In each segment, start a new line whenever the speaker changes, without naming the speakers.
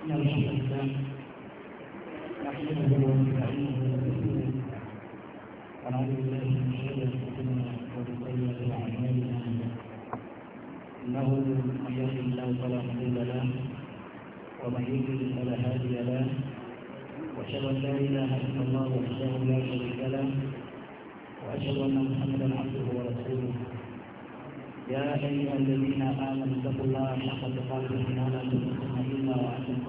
إن الحمد لله نحمده ونستعينه ونستغفره ونعوذ بالله من شر أنفسنا ومن سيئات أعمالنا إنه من يهده فلا مضل له ومن يضلل فلا هادي له وأشهد أن لا إله إلا الله وحده لا شريك له وأشهد أن محمدا عبده ورسوله يا أيها الذين آمنوا اتقوا الله حق تقاته ولا تموتن إلا وأنتم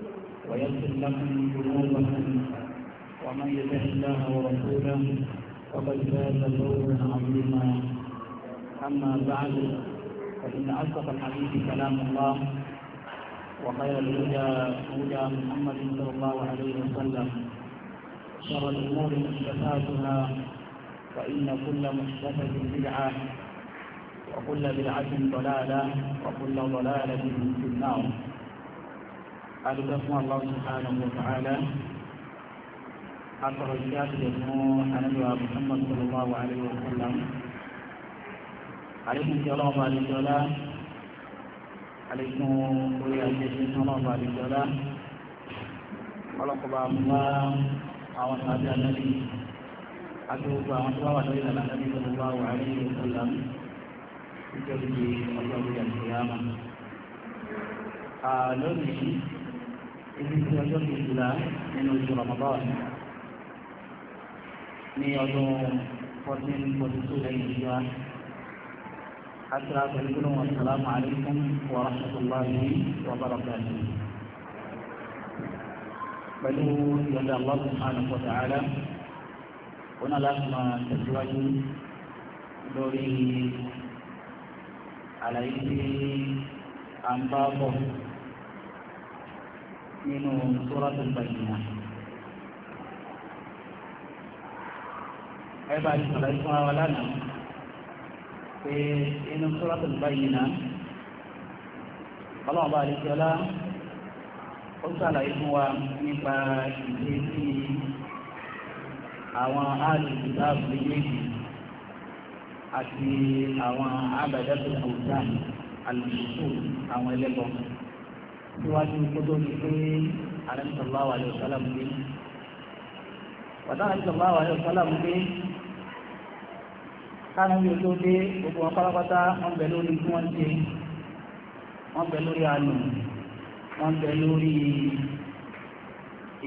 ويغفر لكم ذنوبكم ومن يطع الله ورسوله فقد فاز فوزا عظيما اما بعد
فان اصدق الحديث كلام الله وخير الهدى هدى محمد صلى الله عليه وسلم شر الامور محدثاتها فان كل محدثه بدعه وكل بدعه ضلاله وكل ضلاله في النار
adúgbò fún Allah subhanahu wa ta'ala atọ̀rọ̀ sí àtúnyẹ fún anábìwá Muhammad sallallahu alayhi wa sallam àlékún tí
ọlọ́ọ̀bà àdìjọ́lá àlékún orí àjẹsí tí ọlọ́ọ̀bà àdìjọ́lá
ọlọ́kọ̀ọ́bà mú àwọn tàbí ànábì àti gbogbo àwọn tó bá wà lórí ìlànà ànábì sallallahu alayhi wa sallam nítorí ọjọ́ ìgbéyàwó yàtọ̀ yàmà lónìí ibi tí ọjọ́ kejìlá nínú oṣù Ramadan ní ọdún fourteen forty two lẹ́yìn ìjọba asra pẹ̀lú gbólóhùn asalaamu alaykum wa rahmatulahi wa barakatuh pẹ̀lú ìyọ̀dà Allah subhanahu wa ta'ala wọn náà máa tẹ̀síwájú lórí àlàyé tí à ń bá bọ̀ nínú suratul Bayyinah.
ẹ bá ti sọ̀rọ̀ ìfún ara wa lánàá pé inú suratul Bayyinah ọlọ́run bá lè jọlá ó sàlàyé fún wa nípa ìdí sí àwọn àlùkù láàbù méjèèjì àti àwọn àbàdàbò àwùjá àlùkù àwọn ẹlẹ́gbọ̀n
síwájú kótó ní
pé alẹ́sọ̀lá wà lẹ́yìn sálàmù dé wàtá alẹ́sọ̀lá wà lẹ́yìn sálàmù dé káàmì ojú dé gbogbo wọn pátápátá wọn bẹ lórí tí wọn ṣe wọn bẹ lórí àlù wọn bẹ lórí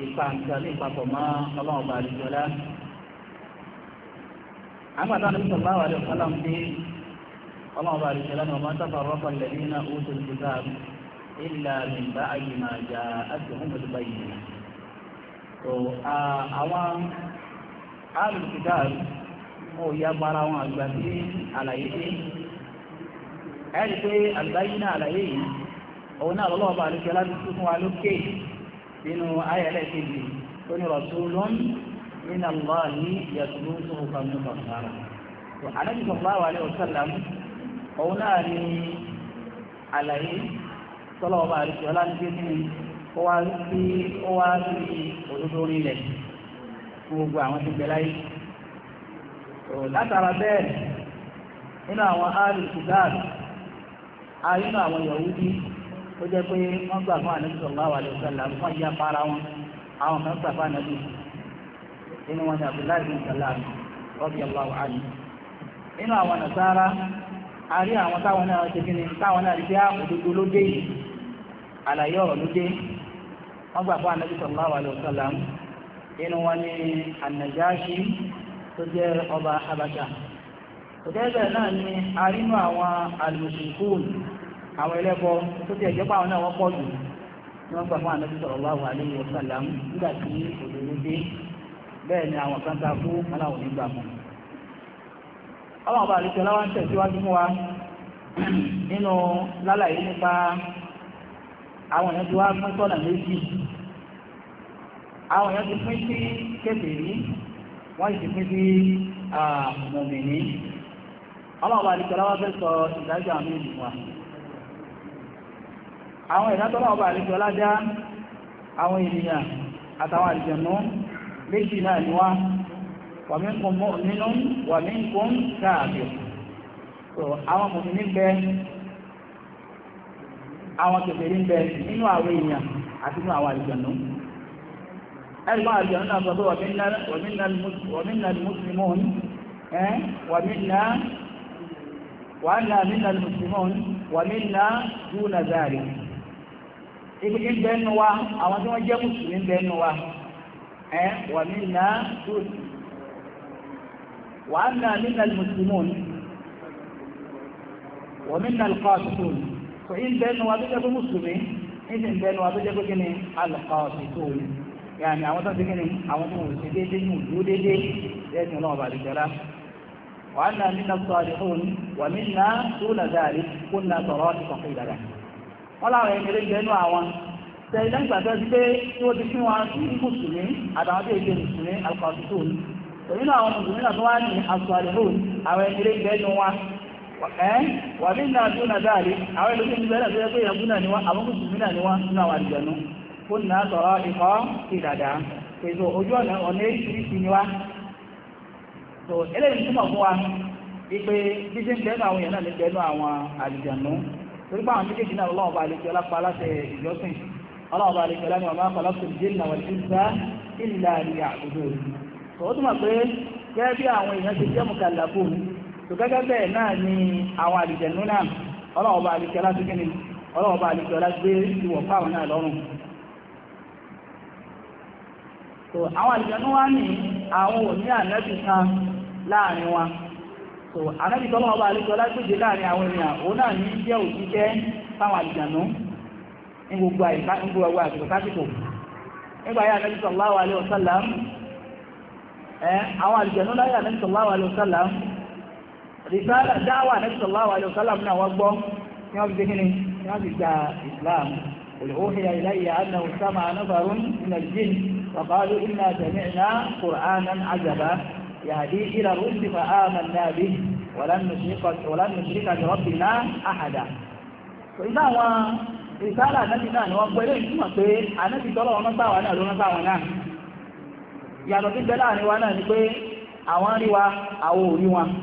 ìpàǹkà ní ìpapọ̀ mọ́ ọlọ́run bá àdìjọ́lá àgbàdo alẹ́sọ̀lá wà lẹ́yìn sálàmù dé ọlọ́run àdìjọ́lá ni wọ́n sábà rọ́pò lẹ́yìn náà ó ti ti sáà ilà nígbà ayé máa jà àtìwọ́n pẹ̀lú báyìí nà. tó àwọn alùpùpù wọn ò yá gbára wọn àgbà sí àlàyé sí. ẹ̀rí pé àgbáyé náà àlàyé yìí òun náà lọ́wọ́ bá àlùkẹ́ láti tún fún wa lókè nínú ayẹlẹ́ kejì tó ní rasulun min Allahi yàtúrú suhufan mutahhara. àlẹ́ bí sọ̀rọ̀ báwa ní ọ̀sán òun náà ní àlàyé tọ́lọ́wọ́ bá rí ọlá ní gbẹ́sí ó wá sí ó wá sí òdodo orílẹ̀ fún gbogbo àwọn tí bẹ láyé látara bẹ́ẹ̀ nínú àwọn ààrùn sudan ààrùn àwọn Yahudi ó jẹ́ pé wọ́n gbà fún ànábì sallallahu alaihi wasallam wọ́n yá para wọn àwọn kan gbà fún ànábì inú wọn ni Abdullahi bin Salam radiyallahu anhu inú àwọn Nasara ààrùn àwọn táwọn náà ṣe kí ni táwọn náà rí bí àpòdodo ah, ló dé yìí àlàyé ọ̀rọ̀ wọ́n gbà fún anabi sallallahu inú wọn ni anajashi tó jẹ́ ọba habasha òtẹ́ẹ̀bẹ̀ náà ni a rí nínú àwọn alùsùnkún àwọn ẹlẹ́bọ tó ti ẹ̀jẹ̀ àwọn náà wọ́n pọ̀ jù ni wọ́n gbà fún anabi sallallahu alayhi nígbà tí bẹ́ẹ̀ ni àwọn kan ta kú aláwọ̀ nígbà mọ́ ọlọ́run bá àlùsọ̀ láwọn tẹ̀síwájú àwọn èèyàn ti wá pín sọ́nà méjì àwọn èèyàn ti pín sí kèfèrí wọ́n ti pín sí mọ̀mìnì ọlọ́ọ̀bá àdìgbọ́lá wá fẹ́ sọ ìdájọ́ àmì ìdìbò wa
àwọn ìdájọ́ ọlọ́ọ̀bá àdìgbọ́lá dá
àwọn ènìyàn àtàwọn àlùjànnú méjì náà ni wá wa minkum mu'minun wa minkum kafir so àwọn mọ̀mìnì bẹ́ẹ̀ àwọn kèfèrí ń bẹ nínú àwọn èèyàn àti nínú àwọn àlùjànnú ẹgbọ́n àlùjànnú náà sọ pé wàmínà mùsùlùmọ́n wàmínà wàhánà mínà mùsùlùmọ́n wàmínà dúnà záàrí ibi ń bẹ nínú wa àwọn tí wọ́n jẹ́ mùsùlùmí ń bẹ nínú wa wàmínà dúnà wàhánà mùsùlùmọ́n wàmínà alqasitun kò í bẹ́nu wa tó jẹ́ pé mùsùlùmí ní sì ń bẹ́nu wa tó jẹ́ pé kí ni alùpàọ̀sì tó wù yàní àwọn tó ti kí ni àwọn tó wù sí déédéé ní òdúró déédéé lẹ́sìn ọlọ́run bàbá ìjọba wàá nà nínú sọ àdéhùn wà mí nà tó nà dáàrí kó nà sọ̀rọ̀ ti kọ̀kọ́ ìdàdà wọ́n láwọn ẹni lè bẹ́nu àwọn tẹ lẹ́gbàá tó ti pé tí wọ́n ti fún wa sí mùsùlùmí àtàwọn tó ti mùsùlùmí mùsùlùmí náà tó wá wà ní ìlànà tó nà dáàrí àwọn ẹlòmí ní bẹ́ẹ̀ tó yẹ pé ẹ̀bùn náà ni wọ́n àwọn mùsùlùmí náà ni wọ́n nínú àwọn àdìjẹ̀nú ó nà ikọ́ ti dàdá ojú ọ̀nà ọ̀nà ìṣiríṣi ni wá so eléyìí túmọ̀ fún wa ipe bí ṣe ń bẹ́ẹ̀ náà àwọn èèyàn náà ní bẹ́ẹ̀ náà àwọn àdìjẹ̀nú torí pé àwọn tó gẹ́gẹ́ bẹ́ẹ̀ náà ni àwọn àlìjẹ̀nú náà ọlọ́ọ̀bá àlìkẹ́ láti gíní ọlọ́ọ̀bá àlìkẹ́ ọlá ìwọ̀ fáwọn náà lọ́rùn so àwọn àlìjẹ̀nú n'i ní àwọn òní ànẹ́bì kan láàrin wa so ànẹ́bì tọ́lọ́ọ̀bá àlìkẹ́ ọlá rìsáàlà dáwà Nabi sallallahu alaihi wasallam náà wọ́n gbọ́ ní wọ́n fi dé kíni ní wọ́n fi gba Islam qul uhiya ilayya annahu istama'a nafarun minal jinni wa qalu inna sami'na qur'anan 'ajaba yahdi ila rushdi fa amanna bihi wa lan nushrika bi rabbina ahada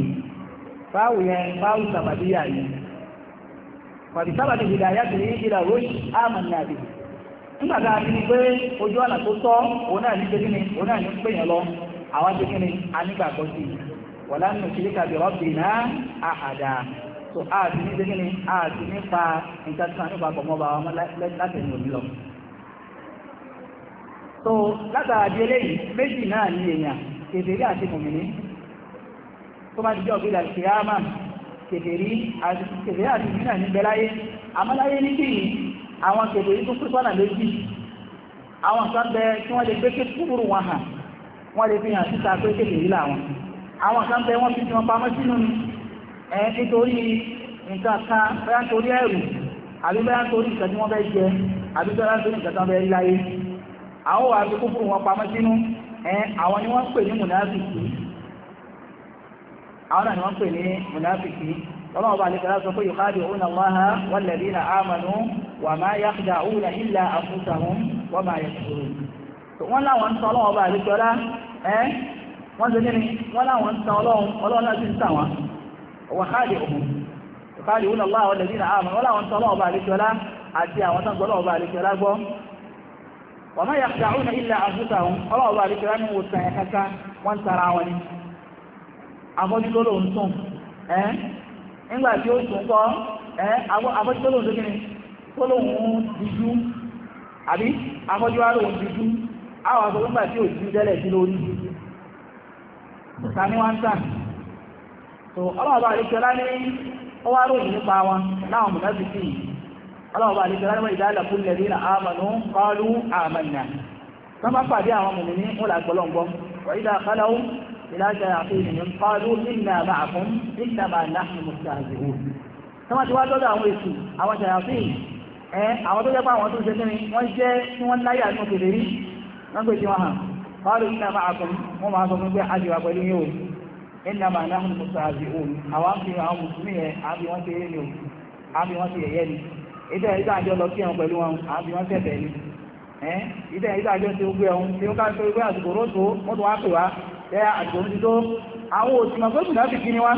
fáwù yẹn fáwù sàbàdíyà yìí pàbí sábàdí ìdáyà tó ní ìlà ròyì àmàlà àbí a ti ní pé ojú ọ̀nà tó sọ òun náà ní pé kíni òun náà ní pé yẹn lọ àwọn ti kíni a nígbà gbọ́ sí i a ti ní pé a nípa nǹkan tí wọn nípa bá wọn láti lọ. so látàrí eléyìí méjì náà ní èèyàn kèfèrè àti mòmìnir tó bá dijọ́ gbéra kìáàmà kèfèrí àti kèfèrí àti ìdínà ní bẹ́láyé àmọ́láyé ní kí àwọn kèfèrí tó pín sọ́nà méjì àwọn kan bẹ tí wọ́n lè gbé kúrú wọn hàn wọ́n lè fi hàn síta pé kèfèrí làwọn àwọn kan bẹ wọ́n fi tí wọ́n pamọ́ sínú ni ẹ̀ nítorí nǹkan kan bẹ́ẹ̀ nítorí ẹ̀rù àbí bẹ́ẹ̀ nítorí nǹkan tí wọ́n fẹ́ jẹ àbí bẹ́ẹ̀ nítorí nǹkan tí wọ́n fẹ́ rí láyé àwọn wà á fi kúrú wọn pamọ́ sínú ẹ̀ àwọn ni wọ́n pè ní mùnáfíkì àwọn náà ni wọ́n pè ní munafiki ọlọ́run bá nípa sọ pé yukhadi'una Allaha walladhina amanu wa ma yakhda'una illa anfusahum wa ma yash'urun wọ́n láwọn ń tan ọlọ́run bá nípa ọlá ẹ́ wọ́n ṣe nínú wọ́n láwọn ọlọ́run ọlọ́run náà sì wọ́n wa khadi'uhum yukhadi'una Allaha wọ́n láwọn ń ọlọ́run bá nípa ọlá àti àwọn tán gbọ́lọ́run bá nípa ọlá gbọ́ wa ma yakhda'una illa anfusahum ọlọ́run bá nípa ọlá ní wòsàn ẹ̀ka wọ́n tara wọn abọ́jútólò ń sùn ẹ́ nígbà tí ó sùn kọ́ ẹ́ abọ́jútólò ń sókè ní tólóhun díjú àbí abọ́júwárò ń díjú àwọn àgbà nígbà tí ò díjú tẹ́lẹ̀ sí lórí sani wá ń tà so ọlọ́ọ̀bá àríkẹ́lá ní ó wá ròyìn nípa wọn láwọn mùnàfíkì ọlọ́ọ̀bá àríkẹ́lá ní wọ́n ìdálẹ̀kú lẹ́rí na àmànú kọlu àmànà tán bá pàdé àwọn mùnìní ó làgbọ́lọ́gbọ́ wọ́n ìdá إلى شياطينهم قالوا إنا معكم إنما نحن مستهزئون كما تواجد أو إسي أو شياطين àwọn tó jẹ́ pàwọn tó ṣe kíni wọ́n jẹ́ tí wọ́n láyé àtún kèrè rí wọ́n gbé tí wọ́n hàn قالوا إنا معكم wọ́n máa sọ fún pé àjẹ́wà pẹ̀lú yóò إنما نحن مستهزئون àwọn àfi àwọn mùsùlùmí ẹ̀ àbí wọ́n ti yẹ́ ni àbí wọ́n ti yẹ̀yẹ́ ni ìdẹ́ ìdájọ́ lọ sí ẹ̀hùn pẹ̀lú wọn àbí wọ́n tẹ̀bẹ̀ ni ìdẹ́ ìdájọ́ ti gbé ẹ̀hùn tí ó ká ń sọ ìgbé àsìkò rótó mọ́tò wá pè wá ẹ àjòjì tó àwọn òsìmọ̀ pé mùnáfìkí ni wá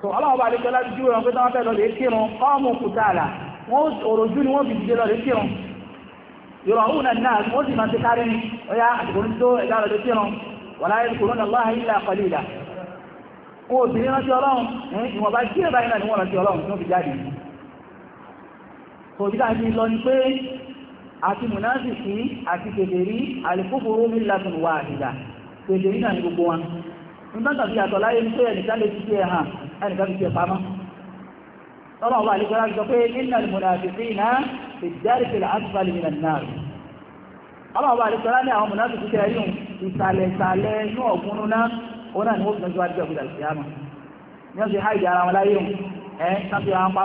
tó ọlọ́wọ́ bá lẹ́kọ́ jú ẹran pé tán fẹ́ lọ lè kírun ọmọ òkúta àlà wọ́n òròjú ni wọ́n fi dìde lọ lè kírun yọ̀rọ̀hún náà wọ́n sì máa ti kárí ní ọya ẹ̀dá lọ lè kírun wà láyé àti mùnáfìkì àti kèfèrí àlùkùfùrù millatun wahida kèfèrí náà ní gbogbo wọn nígbà tàbí àtọ̀ láyé ní pé ẹnìkan lè ti ẹ̀ hàn ẹnìkan fi ṣe pamọ́ tọ́lọ̀ ọba àlekọ́lá sọ pé innal munafiqina fi ad ní àwọn mùnáfìkì tẹ́ rí ìsàlẹ̀ ìsàlẹ̀ inú ọ̀gbun náà náà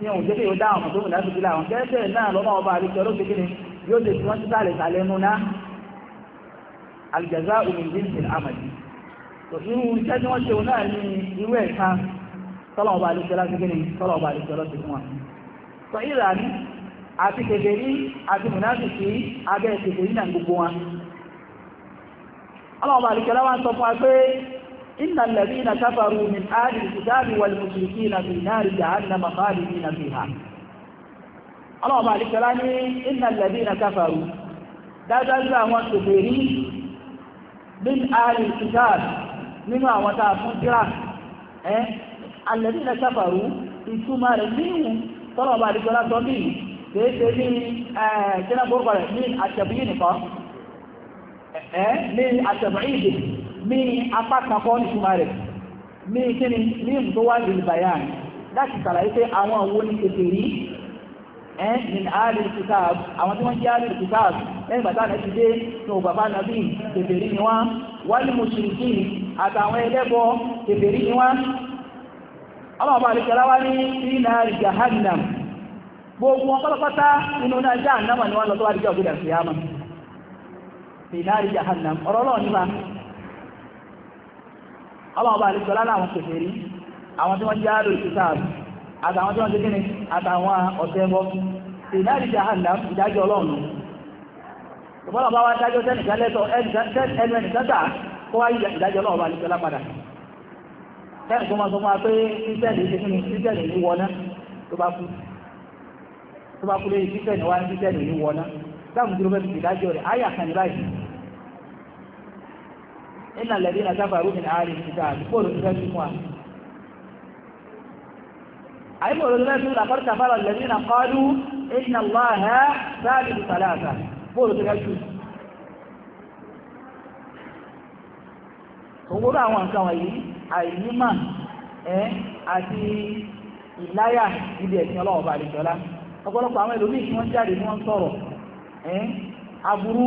ní òun jẹ́kẹ́ yóò dá àwọn tó wù láti fi láwọn gẹ́gẹ́ náà lọ́nà ọba àríkẹ́ olóògbé ni yóò lè fi wọ́n sí sàlẹ̀ sàlẹ̀ nù ná alìjàzá min jinsil amali tó irú iṣẹ́ tí wọ́n ṣe òun náà ní irú ẹ̀ka àti kèfèrí àti abẹ́ kèfèrí náà gbogbo wa ọlọ́ọ̀bà àríkẹ́ láwọn sọ fún wa pé إن الذين كفروا من آل الكتاب والمشركين في نار جهنم خالدين فيها اللهم عليك لاني إن الذين كفروا دجل والكفرين من آل الكتاب مما وتافجرة eh الذين كفروا ìtumà rẹ̀ nínú tọ́lọ̀ bá àdìjọ́ látọ́ bí kéèkéé ní ẹ̀ẹ́jẹ́nà gbogbo rẹ̀ ní àṣẹ̀bí nìkan ẹ̀ẹ́ ní àṣẹ̀bí ìdè ní apá kan kọ́ ní túmọ̀ rẹ̀ ní kíni ní ìbùdó wà lè bàyà láti sàlàyé pé àwọn owó ní tètè rí ẹ́ ní ààrẹ kìtàbù àwọn tí wọ́n jẹ́ ààrẹ kìtàbù lẹ́yìn bàtà náà ti dé ní òbàbá nàbí tètè rí ni wọ́n wà ní mùsùlùmí àtàwọn ẹlẹ́bọ rí ni wọ́n ọmọ wá ní gbogbo wọn pátápátá nínú náà ọlọ́wọ́ bá àlejò lára àwọn kòkè rí àwọn tí wọ́n já lórí kìtàbù àtàwọn tí wọ́n ti kíni àtàwọn ọ̀tẹ́ bọ́ ìdájì jahannam ìdájọ́ ọlọ́run ìbọ́lọ̀ bá wá dájọ́ tẹ́nìkan lẹ́tọ̀ ẹnu ẹnìkan tà kó wá ìdájọ́ ọlọ́run bá àlejò lápadà tẹ́ẹ̀kú máa sọ fún wa pé kírísítẹ́nì ṣe kí ni kírísítẹ́nì ní wọná tó bá kú tó bá kú lé kírísítẹ́nì wá ní kírísítẹ́nì ní wọná dáàmú dúró bẹ́ẹ̀ fi ìdájọ́ rẹ̀ áyà kan ní báyìí ị na sábà rúmi ní àárín ìta àdúgbò ló ti fẹ́ fi na àwọn nǹkan wọ̀nyí àìnímà ẹ́ àti ìláyà níbi ẹ̀sìn ọlọ́wọ́ bá lè àwọn ẹlòmíì tí wọ́n jáde ní wọ́n sọ̀rọ̀ ẹ́ aburú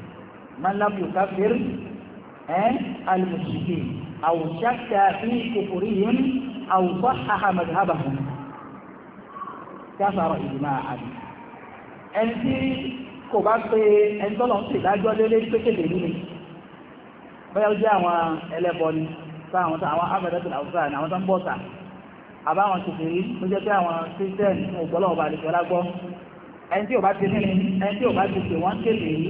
man lam yukafir eh, al-mushrikin aw shakka fi kufurihim aw sahhaha madhhabahum kafara ijma'an ẹni tí kò bá pé ẹni tọ́lọ̀ ń ṣèdájọ́ lélé pékèlè nínú bóyá ó jẹ́ àwọn ẹlẹ́bọ ni sáwọn àwọn amẹ́dẹ́tìlá ọ̀sán ni àwọn tó ń bọ̀ta àbáwọn tòkèrè ló jẹ́ pé àwọn kírísítẹ́nì fún ògbọ́lọ́ọ̀bà àdìsọ́lá gbọ́ ẹni tí ò bá ti ní ẹni tí ò bá ti pè wọ́n kéde yìí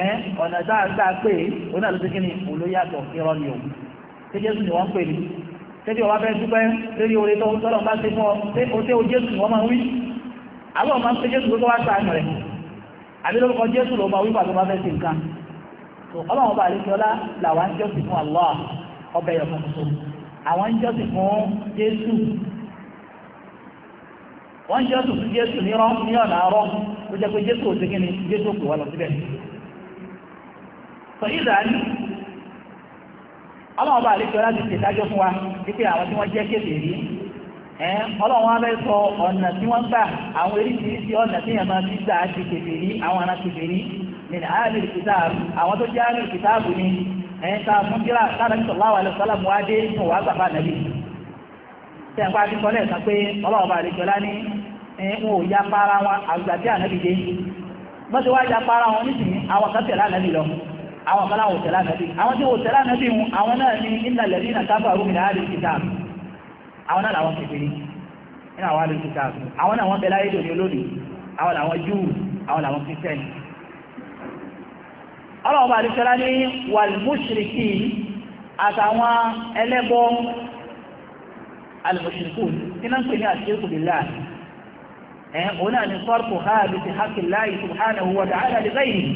ẹ ọ̀nà dáadáa pé oní àlùfẹ́ kí ni olóyàtọ̀ irọ́ ni o ṣé jésù ni wọ́n ń pè ní ṣé bí ọba fẹ́ dúpẹ́ lórí oore tó tọ́lọ̀ bá ṣe fún ọ ṣé o ṣé o jésù ni wọ́n máa ń wí àwọn ọmọ ṣe jésù tó wá sáànù rẹ̀ àbí lórúkọ jésù ló máa wí pàtó bá fẹ́ ṣe nǹkan ọlọ́run bá àlejò ọlá làwọn ń jọ́sìn fún Allah ọbẹ̀ yọ̀ fún tuntun àwọn ń jọ́sìn fún jésù wọ́n ń jọ́sìn fún jésù ní ọ̀nà àárọ̀ tó jẹ́ pé jésù ò sọ̀yídàní ọlọ́wọ́n bá àlejò láti fún wa àwọn tí wọ́n jẹ́ kéde rí sọ ọ̀nà tí wọ́n gbà àwọn ọ̀nà tí yẹn máa gbà ti rí àwọn ará rí nínú àárín àwọn tó jẹ́ àárín ni a fún kíra lára ní sọ̀láwà adé fún wàá gbàgbà nàbí tẹ́ ń pa ti sọ́lẹ̀ pé ọlọ́wọ́n bá àlejò lá ní para àwọn kan láwọn òtẹ̀lá nàbí àwọn tí òtẹ̀lá nàbí mu àwọn náà ní ilẹ̀ lẹ́bí náà káfà rúmi náà lè kíkà àwọn náà làwọn kékeré nínú àwọn àlè kíkà àwọn náà wọ́n bẹ ń pè ní àṣíríkù bìlá ẹ̀ òun náà ní sọ́ọ̀kù háàbì ti hákìláì subhanahu wa ta'ala li ghayrihi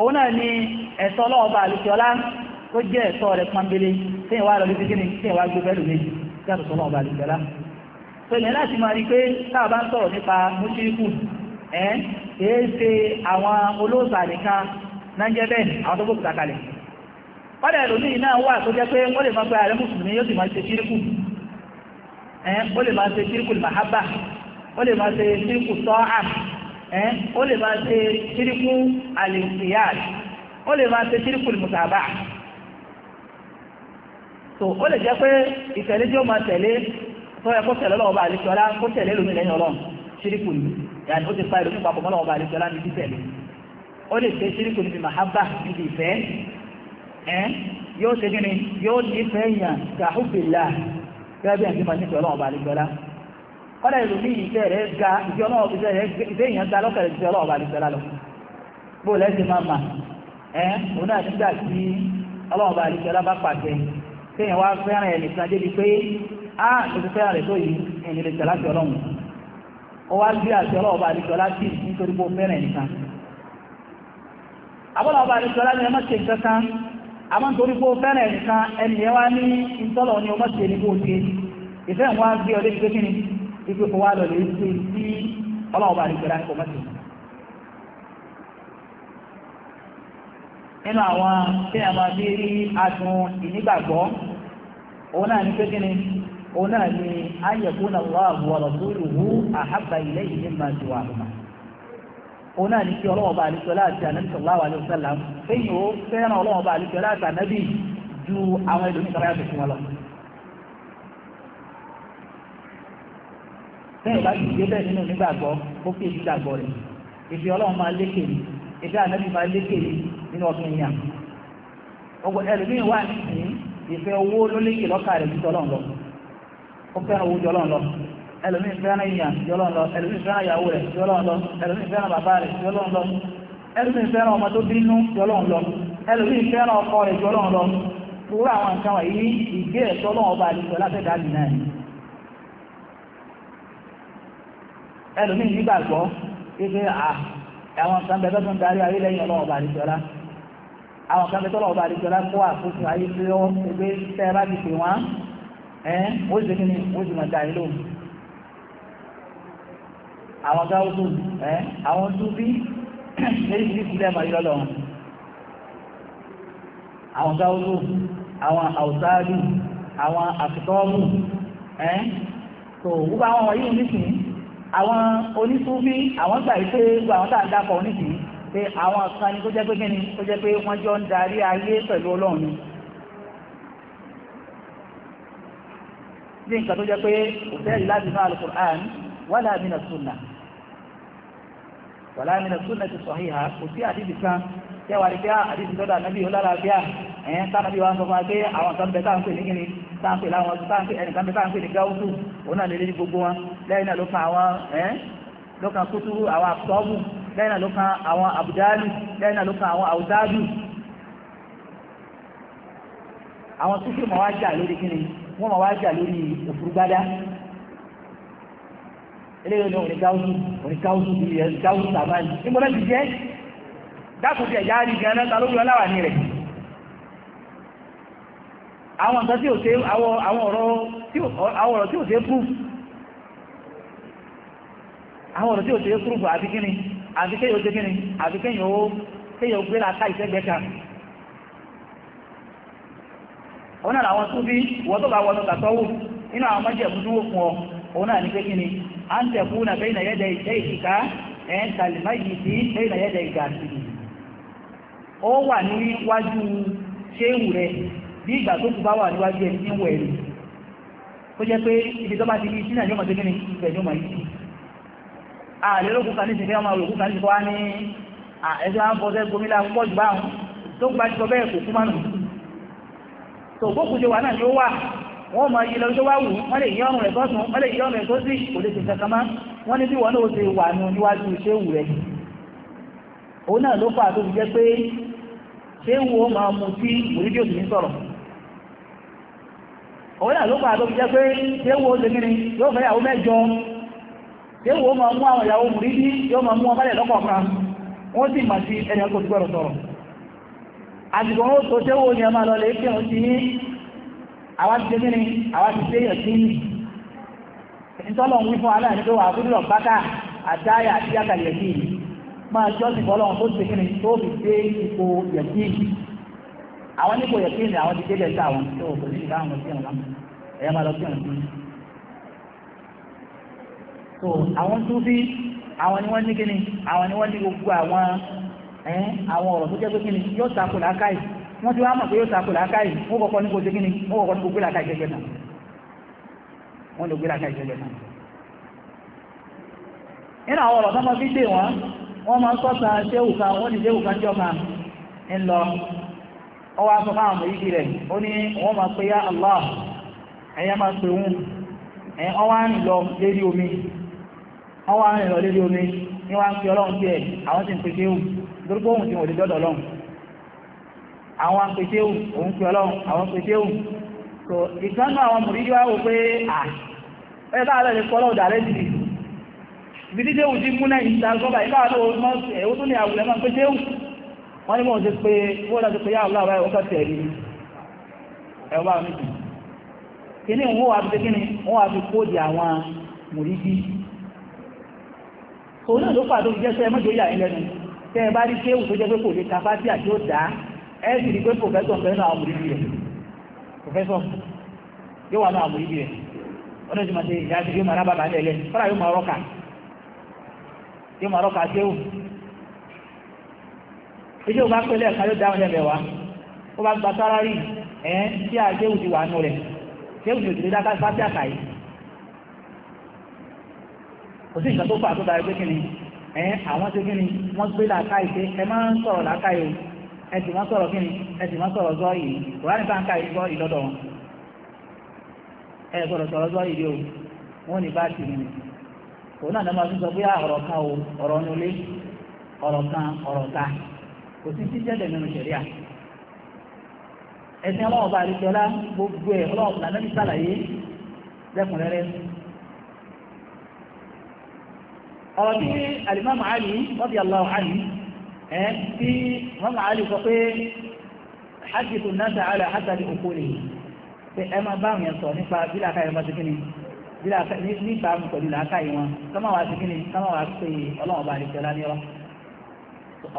òun náà ni ẹ̀tọ́ ọlọ́ọ̀bá àlùkíọ́lá tó jẹ́ ẹ̀tọ́ rẹ̀ pọ́nbélé tí ìwà lọ lójú gíní tí ìwà gbé bẹ́lú méjì yàtọ̀ sọ́lọ́ ọba àlùkíọ́lá tó ilẹ̀ láti máa rí pé táà bá ń sọ̀rọ̀ nípa mùṣírikù ẹ̀ kìí ṣe àwọn olóòṣà nìkan náà jẹ́ bẹ́ẹ̀ àwọn tó gbókùtà kalẹ̀ mahabba ó lè máa ṣe ẹ́ ó lè máa ṣe ṣíríkú alìsíyàr ó lè máa ṣe ṣíríkú mùsàbà so ó lè jẹ́ pé ìtẹ̀lé tí ó máa tẹ̀lé tó yẹ kó tẹ̀lé lọ́wọ́ bá kó tẹ̀lé lómi lẹ́yìn ọlọ́run ṣíríkù ni yàtí ó ti fa ìlú nípa pọ̀mọ́lọ́wọ́ bá àlìsọ́lá ní ti ó lè ṣe ṣíríkù níbi màhábà níbi ìfẹ́ yóò ṣe gíní yóò nífẹ̀ẹ́ yàn gẹ́gẹ́ bí Ọ na ìfẹ́ rẹ̀ ga ìfẹ́ rẹ̀ ga lọ́kẹ̀rẹ̀ ìfẹ́ ọlọ́wọ́ bàbá ìfẹ́ lálọ́ bó lẹ́sìn máa mà ẹ́ òun náà nígbà tí ọlọ́wọ́ bàbá ìfẹ́ lábá pàṣẹ téèyàn wá fẹ́ràn ẹ̀ nìkan débi pé á ìfi fẹ́ràn rẹ̀ tó yìí ẹ̀yìn lè tẹ̀lá ìfẹ́ ọlọ́wọ́ ó wá gbé àti nítorí bó fẹ́ràn ìfẹ́ ipe kó wá lọ lè ṣe tí ọlọ́run bá rí gbẹ̀rẹ̀ àìkọ́ mọ́tì. nínú àwọn tí a máa bí rí adùn ìnígbàgbọ́ òun náà ní pékin ni òun náà ní ayẹ̀kún Allahu wa rasuluhu ahabba ilayhi mimma siwahuma òun náà ní kí ọlọ́wọ́ bá àlùfẹ́ láti ànábì sallallahu alaihi wasallam fẹ́yìn ó fẹ́ràn ọlọ́wọ́ bá àlùfẹ́ láti ànábì ju àwọn ẹlòmíkan báyà wọn lọ. bẹ́ẹ̀ bá ti gbé bẹ́ẹ̀ nínú nígbàgbọ́ ó fi èyí gbàgbọ́ rẹ̀ ìfi ọlọ́run máa lékè ní ìfi ànábì máa lékè ní nínú ọdún yìí ọgbọ̀n ẹlòmíín wà ní ìfẹ́ owó ló lékè lọ́kà rẹ̀ jùlọ lọ ó fẹ́ràn owó jọlọ́ lọ ẹlòmíín fẹ́ràn èèyàn jọlọ́ lọ ẹlòmíín fẹ́ràn ìyàwó rẹ̀ jọlọ́ lọ ẹlòmíín fẹ́ràn bàbá rẹ̀ jọlọ́ lọ ẹlòmíín fẹ́ràn ọmọ tó bínú jọlọ́ lọ ẹlòmíín fẹ́ràn ọkọ rẹ̀ jọlọ́ lọ gbogbo àwọn nǹkan wọ̀nyí ìgbé ẹ̀tọ́ lọ́wọ́ bá a lè sọ láfẹ́ dáàbì ẹlòmí nígbàgbọ́ wípé àwọn kan bẹ̀rẹ̀ tó ń darí ayé lẹ́yìn ọlọ́wọ́ bá àdìjọ́lá àwọn kan bẹ̀rẹ̀ tó lọ́wọ́ bá àdìjọ́lá kó àkóso ayé tí ó gbé tẹ́ ẹ bá ti pè wọ́n ẹ́ ó sì kí ni ó sì mọ̀ dá ilé òun àwọn gáwùsù ẹ́ àwọn túbí méjì ní ìpínlẹ̀ mọ̀ yọ́lọ́ àwọn gáwùsù àwọn àwùsáàdù àwọn àfitọ́ọ̀mù ẹ́ tó wúbá àwọn wọ̀nyí nísìnyí àwọn onísúfí àwọn gbà pé gbogbo àwọn tàà dápọ̀ onísìí pé àwọn kan ni tó jẹ́ pé kíni tó jẹ́ pé wọ́n jọ ń darí ayé pẹ̀lú ọlọ́run ní nǹkan tó jẹ́ pé kò tẹ́rì láti náà al-Qur'an wala min as-sunnah wala min as-sunnah ti sahiha kò sí àdíbì kan tẹ́wà rí pé ah, àdíṣì lọ́dà nábì ó lára bíà ẹ̀yẹn tánàbí wa ń sọ fún wa pé àwọn kan bẹ káàkiri ní kíni táàkiri láwọn ẹnìkan bẹ káàkiri ní gáúsù òun náà lè lé ní gbogbo wọn lẹ́yìn náà ló kan àwọn ẹ́n ló kan kútú àwọn àpọ́bù lẹ́yìn náà ló kan àwọn àbùdálù lẹ́yìn náà ló kan àwọn wá jà lórí kíni wọ́n mọ̀ wá jà lórí òfurufú eléyìí ni òní gáúsù òní gáúsù bíi gáúsù sàmáì ní mo ti jẹ́ dákùnjẹ ìyá rí gan náà lórí ọláwà ní rẹ̀ àwọn nǹkan tí ò ṣe àwọn ọ̀rọ̀ tí ò ṣe proof àwọn ọ̀rọ̀ tí ò ṣe proof àti kíni àti kéyò ṣe kíni àti kéyò kéyò gbé láta ìṣẹ́gbẹ́ kan náà àwọn tún bí wọ́n tó bá wọ́n tó tàtọ́wò nínú àwọn mọ́jẹ̀ ìbúdúwò fún ọ ó wà níwájú ṣéwù rẹ̀ bí ìgbà tó kù bá wà níwájú ẹni tí ń wẹ̀ jẹ́ pé ibi tó bá ti ní ìsìnkú ọmọ olùkú kan ní ìsìnkú wọ́n máa yí lọ tó wá wù wọ́n lè yí ọrùn rẹ̀ tọ́sùn wọ́n lè yí ọrùn rẹ̀ tó sì kò lè ṣe kankan wọ́n ní bí wọn náà ṣe wà nù níwájú ṣéwù rẹ̀ òun náà ló fà tó fi jẹ́ pé ṣé ń wo máa mu tí mùrídì òsì ní sọ̀rọ̀ òun náà ló fà tó fi jẹ́ pé ṣé ń wo ṣe kíni yóò fẹ́ ìyàwó mẹ́jọ ṣé ń wo máa mú àwọn ìyàwó mùrídì yóò máa mú wọn bálẹ̀ lọ́kọ̀ọ̀kan wọ́n sì ẹni lọ lè ní àwa ti ṣe kíni àwa ti ṣe èèyàn sí ìtọ́lọ̀ ń wí fún aláìní pé wà á fúdúrọ̀ bákà máa jọ́ sí fọ́lọ́run tó ti kíni tó fi dé ipò yẹ̀kí àwọn nípò yẹ̀kí ni àwọn ti dé bẹ̀ẹ́ sáwọn tó kò ní ìdá àwọn sí ọ̀nà ẹ̀yà máa lọ sí ọ̀nà so àwọn tó fi àwọn ni wọ́n ní kíni àwọn ni wọ́n ní gbogbo àwọn ẹ̀ àwọn ọ̀rọ̀ tó jẹ́ pé kíni yóò takò lákàì wọ́n ti wá mọ̀ pé yóò takò lákàì ó kọ̀kọ́ ní kò sí kíni ó kọ̀kọ́ ní kò gbé lákàì jẹ́jẹ́ náà wọ́n lè gbé lákàì jẹ́jẹ́ náà nínú àwọn ọ̀rọ̀ tó mọ́ fi dé wọn wọ́n máa ń ṣe ụka wọ́n ní ṣéwùká jọka ń lọ ọwọ́ aṣọ fáwọn ọmọ rẹ̀ ó ní wọ́n ya Allah ẹ̀yà máa pe wọn ẹ̀yìn ń lọ lérí omi ọwọ́ á ń lọ lérí omi ní wọ́n ń pe ọlọ́run tiẹ̀ àwọn ń òun ti dọ́dọ̀ àwọn òun ibi tí jẹ́wù ti múnà ìdàgbọ́bà ìbáàlò ẹ̀wọ́ tó ní àwùlẹ̀ máa pé jẹ́wù wọ́n ní mọ́ ti pé wọ́n láti pé yáà láàbá ẹ̀wọ́ká tẹ̀ rí ẹ̀wọ́ àmìtì kìíní wọ́n wà fi kíní wọ́n wà fi kóòdì àwọn mùrídí tó náà ló pàdó jẹ́ sẹ́ mọ́jọ yà ẹlẹ́nu tẹ́ ẹ bá rí jẹ́wù tó jẹ́ pé kò lè ta fásí àti ó dá ẹ sì rí pé pòfẹ́sọ̀ fẹ́ náà mùrídí rẹ̀ pòfẹ́sọ̀ yóò wà náà mùrídí rẹ̀ ọdún ti máa ìyá ti yóò máa rábàbà fọ́nà yóò máa rọ́kà tí mo rọ́ka séwù ilé òbá pẹ̀lú ẹ̀ka ló dáhùn lẹ́bẹ̀ẹ́ wa ó bá gba sárárì ẹ̀ tí a séwù ti wà nù rẹ̀ séwù ti òtítí dáká sáfíà kàyí kò sí nǹkan tó fà tó dára pé kí ni ẹ̀ àwọn tó kí ni wọ́n gbé làákà ìṣe ẹ máa ń sọ̀rọ̀ làákà yìí ẹ sì máa ń sọ̀rọ̀ kí ni ẹ sì máa ń sọ̀rọ̀ zọ́ yìí kòránì bá ń ka ìgbọ́ ìlọ́dọ̀ wọn ẹ gbọ́dọ̀ sọ̀rọ̀ zọ́ yìí o wọ́n ní bá ti nìyí òun náà lọ́mọ sọ pé ọ̀rọ̀ kan o ọ̀rọ̀ nulé ọ̀rọ̀ kan ọ̀rọ̀ ta kò sí títí nínú ṣẹ̀ríà ẹ̀sìn ọlọ́wọ́ bá àdìsọ́lá gbogbo ẹ̀ ọlọ́wọ́ lànàbí sàlàyé lẹ́kùnrẹ́rẹ́ ọ̀rọ̀ tí alimami ali rọ́bì aláwọ̀ ali ẹ̀ tí ali sọ pé hajj tó náà hajj àti òkú ẹ máa bá àwọn yẹn sọ nípa bílà ní ìbámu pẹ̀lú làákàyè wọn kọ́mọ wá sí kíni kọ́mọ wá pé ọlọ́run bá àdìsẹ́ ọlá ní ọ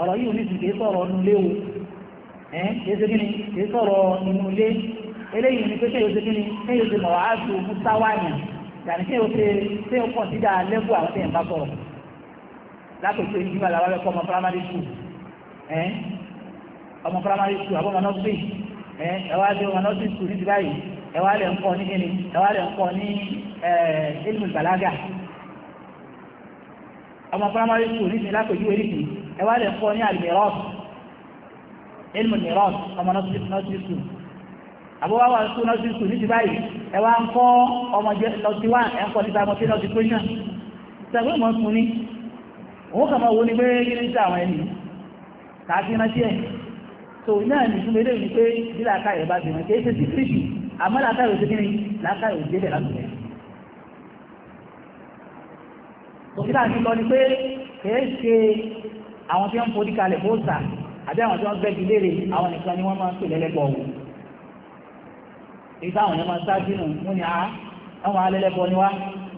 ọ̀rọ̀ yìí ní ìsìnkè sọ̀rọ̀ ọdún léwu ẹ̀ kìí ṣe kíni kìí sọ̀rọ̀ inú ilé eléyìí ni pé kéèyàn ṣe kíni kéèyàn ṣe mọ̀wá àti òkú sáwáyàn yàní kéèyàn ṣe kéèyàn pọ̀ sí dáa lẹ́gbọ̀ àwọn tẹ̀yìn bá sọ̀rọ̀ látòkè ìdíwà làwọn ẹ̀kọ́ ọmọ primary school ẹ̀ ọmọ primary school àbọ̀ ọmọ nursery ẹ̀ ẹ̀ wá lé ọmọ nursery school ní ń kọ́ ní kíni ẹ̀ wá lẹ̀ ń kọ́ ní Eh, ilmu balaga ọmọ primary school ní ìlà pẹ̀lú eréjì ẹ wá lè kọ́ ní almiros ilmu miros ọmọ nursery school àbúwá wà school nursery school ní ti báyìí ẹ wá ń ọmọ nursery one ẹ ń kọ́ nípa ọmọ tí nursery question ni òun kà máa wo ni pé kí sí àwọn ẹni náà ní pé bí làákàyè bá ti rìn òkúta ní lọ ni pé kìí ṣe àwọn tí wọ́n forí kalẹ̀ bóòsà àbí àwọn tí wọ́n gbẹ́gi léèrè àwọn nìkan ni wọ́n máa ń pè lẹ́lẹ́bọ̀ wò èyí táwọn èèyàn máa ń ṣáájú nù mú ni àwọn alẹ́lẹ́bọ̀ ni wá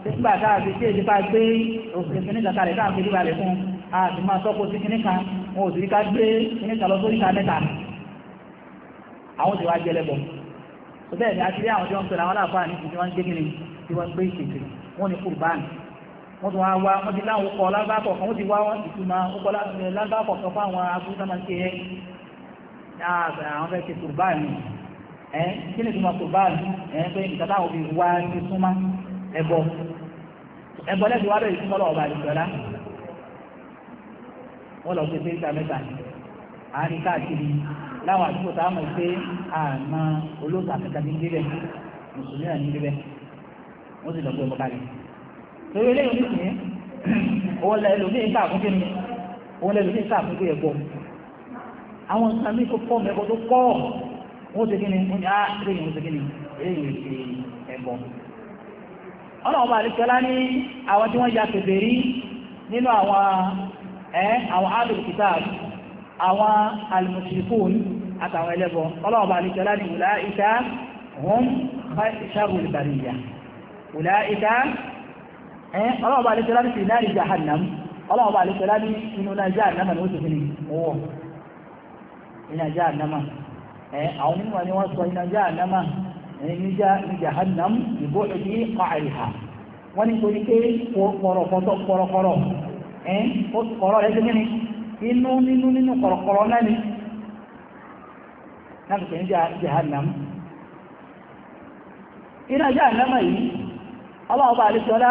nígbà tá a fi ṣe èdè bá gbé òṣèlú kìnnìkan kalẹ̀ tá a fi ríbalẹ̀ fún a sì máa sọ́kò sí kìnnìkan wọn ò sì rí ká gbé kìnnìkan lọ sórí ìta mẹ́ta àwọn ti wá jẹlẹ́bọ̀ bẹ́ẹ̀ ni a ti rí àwọn tí wọ́n ń pè láwọn aláàfáà ní ti wọ́n ń gbé kìnnì tí wọ́n ń ní kùrùbáàni wọ́n tún wá wá wọ́n ti láwọn ọkọ̀ lágbàkọ̀ kan wọ́n ti wá ìtumọ̀ ọkọ̀ eh, lágbàkọ̀ kan fáwọn abúlé ṣe ẹ́ àwọn fẹ́ ṣe kùrbáàlì ẹ́ kí ni ìtumọ̀ kùrbáàlì ẹ́ pé nǹkan táwọn òbí wá ti súnmọ́ ẹ̀bọ ẹ̀bọ lẹ́sìn wá bẹ̀rẹ̀ súnmọ́ lọ́wọ́ bàbá ìṣọ̀lá wọ́n lọ sí pé ìta mẹ́ta àárín káàkiri láwọn àdúgbò táwọn wọ́n sì lọ gbé ọkọ̀ kalẹ̀ torí eléyìí nìsín òun lẹ ẹlòmíín káàkún kí ni òun lẹ ẹlòmíín káàkún kí ẹ̀gbọ́n àwọn nǹkan mi tó pọ̀ mẹ́gbọ́ tó pọ̀ wọ́n ti kí ni wọ́n ni á ah, eléyìí wọ́n ti kí ni eléyìí ti ẹ̀gbọ́n ọlọ́run bá àdìsọ́lá ní àwọn tí wọ́n ya kèbè rí nínú àwọn ẹ́ àwọn alùpùpù àtàwọn ẹlẹ́bọ ọlọ́run bá àdìsọ́lá Eh, ọlọ́ọ̀bá alẹ́sẹ̀lá ní fìlá ní jahannam ọlọ́ọ̀bá alẹ́sẹ̀lá ní inú náà jahannama ni ó ti fi ní owó iná jahannama eh, àwọn onímọ̀ ni wọ́n sọ iná jahannama eh, ní jahannam ìbò ìdí kọ́àríhà wọ́n ní torí pé kọ̀rọ̀kọ̀rọ̀ kọ̀rọ̀ rẹ̀ gẹ́gẹ́ ni inú nínú nínú kọ̀rọ̀kọ̀rọ̀ náà ni láti pè ní jahannam iná jahannama yìí ọlọ́ọ̀bá alẹ́sẹ̀lá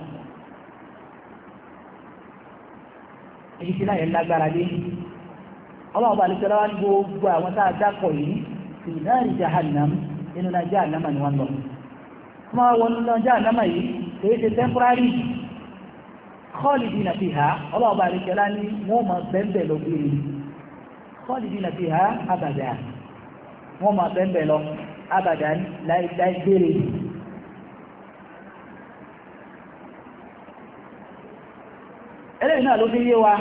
ibi tí láyẹ̀ lágbára dé ọlọ́run bá alẹ́sẹ̀ láwọn gbogbo àwọn tá a dákọ̀ yìí fi náà rí jahannam inú náà jahannama ni wọ́n lọ kuma wọn lọ jahannama yìí kìí ṣe temporary khalidina fiha ọlọ́run bá alẹ́sẹ̀ lá ní wọ́n mọ bẹ́ẹ̀ lọ gbére khalidina fiha abada wọ́n mọ bẹ́ẹ̀ lọ abada láì gbére yìí ẹlẹ́yìn náà ló fi yé wa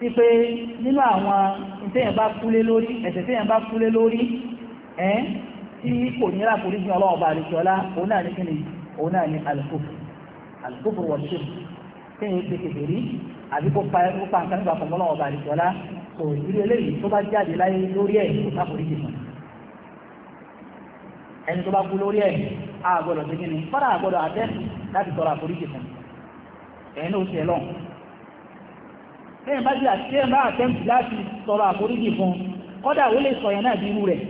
sí pé nínú àwọn ìtẹ́yìn bá kúlé lórí ẹ̀ṣẹ̀ tẹ́yìn bá kúlé lórí ẹ́ tí kò ní ra forí jìn ọlọ́ọ̀bà àlùjọ́lá òun náà ní kí ni òun náà ní alùpùpù alùpùpù wọ̀ṣẹ̀ tẹ́yìn ti kékeré àbí kó pa ẹ̀kọ́ pa nǹkan nígbà fọmọ́ ọlọ́ọ̀bà àlùjọ́lá kò ìdílé eléyìí tó bá jáde láyé lórí ẹ̀ kò sáforí jìn ẹni tó bá kú lórí ẹ̀ àgọ́dọ̀ ti kí fọ́nà àgọ́dọ̀ àtẹ́ láti tọrọ àforíjì fún ẹ̀yìn ó ti lẹ́yìn bá ti àti ẹ̀mbá àtẹ́mtì láti sọ̀rọ̀ àforíjì fún kọ́dà ó lè sọ̀yẹ̀ náà bí irú rẹ̀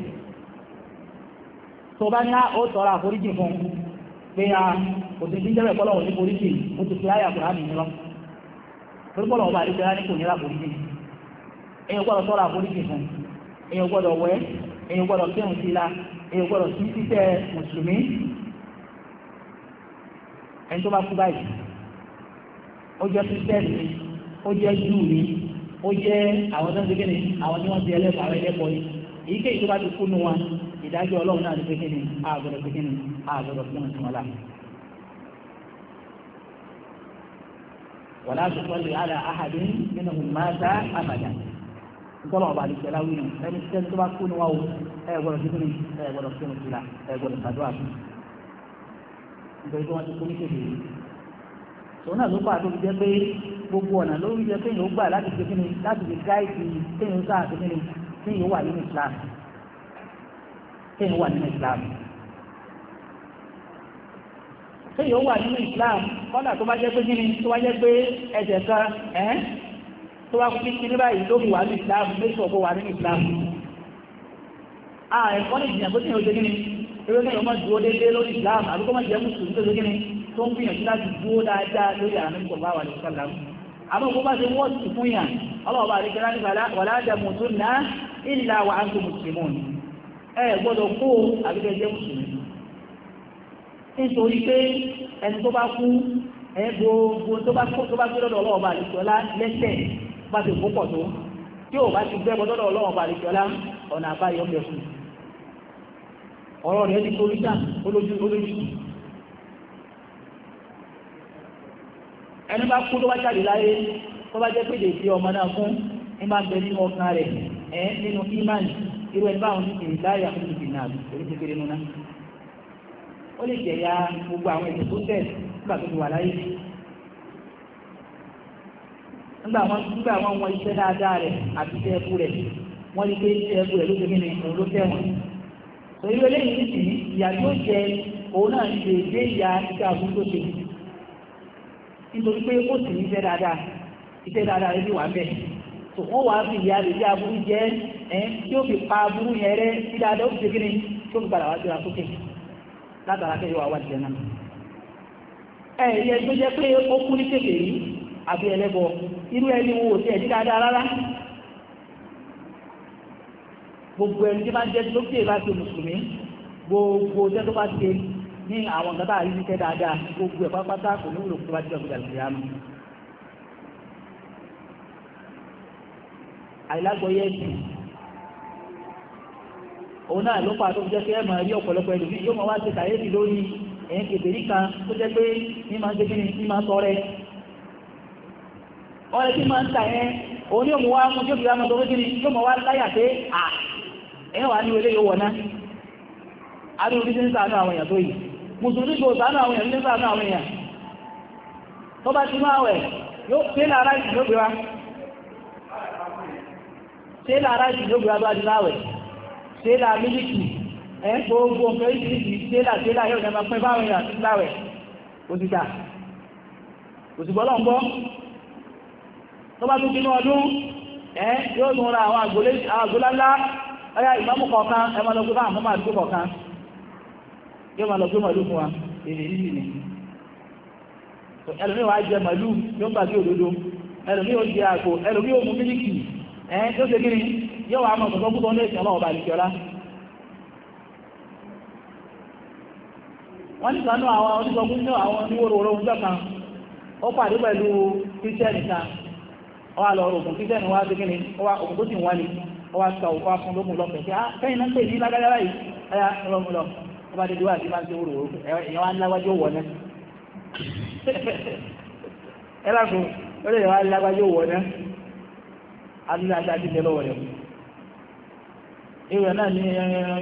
tó bá ní ó sọ̀rọ̀ àforíjì fún pé a kò sí jíjẹ́rẹ̀ pọ́lọ̀wọ̀ ní foríjì ó ti fi láyà kùrá nìyí lọ torí pọ́lọ̀wọ̀ bá rí jẹ́rá ní kò nílá foríjì èèyàn gbọ́dọ̀ sọ̀rọ̀ àforíjì fún èèyàn gbọ́dọ̀ wẹ̀ èèyàn gbọ́dọ̀ kírun sí la èèyàn gbọ́dọ̀ sí títẹ́ mùsùlùmí ẹni tó bá kú báyìí ó jẹ́ ó jẹ́ júù ni ó jẹ́ àwọn tó ń ṣe kíni àwọn tí wọ́n ti ẹlẹ́kọ̀ọ́ àwọn ẹlẹ́kọ̀ọ́ yìí èyíkéyìí tó bá ti kú nu wọn ìdájọ́ ọlọ́run náà ti pé kíni àgbọ̀dọ̀ pé kíni àgbọ̀dọ̀ fún ìtumọ̀ la. wàlá àtúntọ́lù àlà àhàdé nínú mọ́tà àbàdà ntọ́lọ̀ ọba àdìsẹ́ láwí nù ẹni sẹ́ni tó bá kú nu wa o ẹ gbọ́dọ̀ sí kíni ẹ gbọ́dọ̀ fún ìtumọ̀ la ẹ gbọ́dọ̀ òun náà ló fà tó fi jẹ́ pé gbogbo ọ̀nà ló ń jẹ́ pé yóò gbà láti ṣe kíni láti fi gáìdì kéèyàn sáà ṣe kíni kéèyàn wà nínú Islam kéèyàn wà nínú Islam kéèyàn wà nínú Islam kọ́nà tó bá jẹ́ pé kíni tó bá jẹ́ pé ẹ̀jẹ̀ kan ẹ̀ tó bá kí kíní báyìí ló fi wà nínú Islam méjì ọ̀pọ̀ wà nínú Islam a ẹ̀kọ́ ní ìjìyàn tó kíni ó ṣe kíni ewé kéèyàn mọ́ dúró déédéé lórí Islam àbúkọ́ mọ́ jẹ́ mùsùlùmí tó ṣe kíni tó ń gbìyànjú láti dúró dáadáa lórí àánú ìjọba wà lóṣù sálà àmọ́ kó bá ṣe wọ́n sì fún yàn ọlọ́wọ́ bá àdékẹ́lá ní wàlá àdàmù tó ná ìlà wà á tó mùsùlùmù ni ẹ gbọ́dọ̀ kó àbíkẹ́ mùsùlùmí ọ̀nà àbáyọ mẹ́fù ọ̀rọ̀ rẹ̀ ti torí ẹni bá kú tó bá jáde láyé tó bá jẹ́ pé dèjì ọmọ náà fún ní máa ń bẹ nínú ọkàn rẹ̀ ẹ̀ nínú imani irú ẹni báwọn ní ìláyà fún ìdìnnà orí kékeré nínú náà ó lè jẹ̀yà gbogbo àwọn ètò tó tẹ̀ nígbà tó ti wà láyé nígbà wọn nígbà wọn wọn iṣẹ́ dáadáa rẹ̀ àti iṣẹ́ ẹkú rẹ̀ wọ́n rí pé iṣẹ́ ẹkú rẹ̀ ló ṣe kíni òun ló tẹ̀wọ̀n torí eléyìí nìyí ìyá tó jẹ òun náà ṣe dé ìyá iṣẹ́ àbúrò tó ṣe nítorí pé ó sì ní iṣẹ́ dáadáa iṣẹ́ dáadáa rẹ̀ sì wà bẹ́ẹ̀ tó wọ́n wàá fi ìyá rẹ̀ bí aburú jẹ́ ẹ́ tí ó fi pa aburú yẹn rẹ́ sí dáadáa ó fi ṣe kí ni tó fi padà wá síra sókè látara kẹ́yọ̀ wá wà jẹ́ náà ẹ̀rí ẹni tó jẹ́ pé ó kú ní kéfèé yìí àbí ẹlẹ́bọ irú ẹni wo ò sí ẹ̀dí dáadáa rárá gbogbo ẹni tí máa ń jẹ́ tó kéè bá ṣe mùsùlùmí gbogbo ọjọ́ tó bá ṣe ní àwọn nǹkan tá a rí níṣẹ́ dáadáa gbogbo ẹ̀ pátápátá kò ní wúlò kópa jíjọ gbogbo àlùfẹ́ àmọ́. àìlágbọ́yé ẹ̀sìn òun náà ló pa tó fi jẹ́ pé ẹ̀ máa rí ọ̀pọ̀lọpọ̀ ẹlòmíì yóò máa wá ṣe kàyéfì lórí ẹ̀yìn kèbèrè kan tó jẹ́ pé ní máa ń ṣe kíni ní máa ń tọrẹ ọ̀rẹ́ tí máa ń ta ẹ̀ òun ni ó mú wá mú tí ó fi wá mọ́ tó fi kíni yóò mọ̀ wá láyà pé à ẹ̀ wà ní ilé yóò wọ̀ náà a rí orí sí ń sàánú àwọn èèyàn tó yìí mùsùlùmí kò sánú àwọn èèyàn nígbà sánú àwọn èèyàn tó bá ti máa wẹ̀ yóò pé lára ìsìn ló gbéra ṣé lára ìsìn ló gbéra tó bá ti máa wẹ̀ ṣé lára mílíkì ẹ̀ gbogbo nǹkan ìsìnkì ṣé lára ṣé lára yóò ní ọmọ pẹ́ báwọn èèyàn ti láwẹ̀ òtítà òsìgbọ́ lọ́n gbọ́ tó bá tún kí ní ọdún ẹ́ yóò tún yóò máa lọ gbé màlúù fún wa yìí ni ẹlòmíì wàá jẹ màlúù yóò òdodo ẹlòmíì jẹ ẹlòmíì mílíkì ẹ yóò ṣe yóò wàá mọ púpọ̀ ní wọ́n ní sànú àwọn oníṣọ́gun ní àwọn oníwòròwòrò kan ó pàdé pẹ̀lú kírísítẹ́nì kan ó wà lọ òògùn kírísítẹ́nì wá sí tó bá dédé wà sí máa ń ṣe wúrò èèyàn wá lágbájú wọ̀ náà ẹ lákùn ó lè wá lágbájú wọ̀ náà adúlé ajá ti tẹ́lọ̀ rẹ̀ ìwẹ̀ náà ní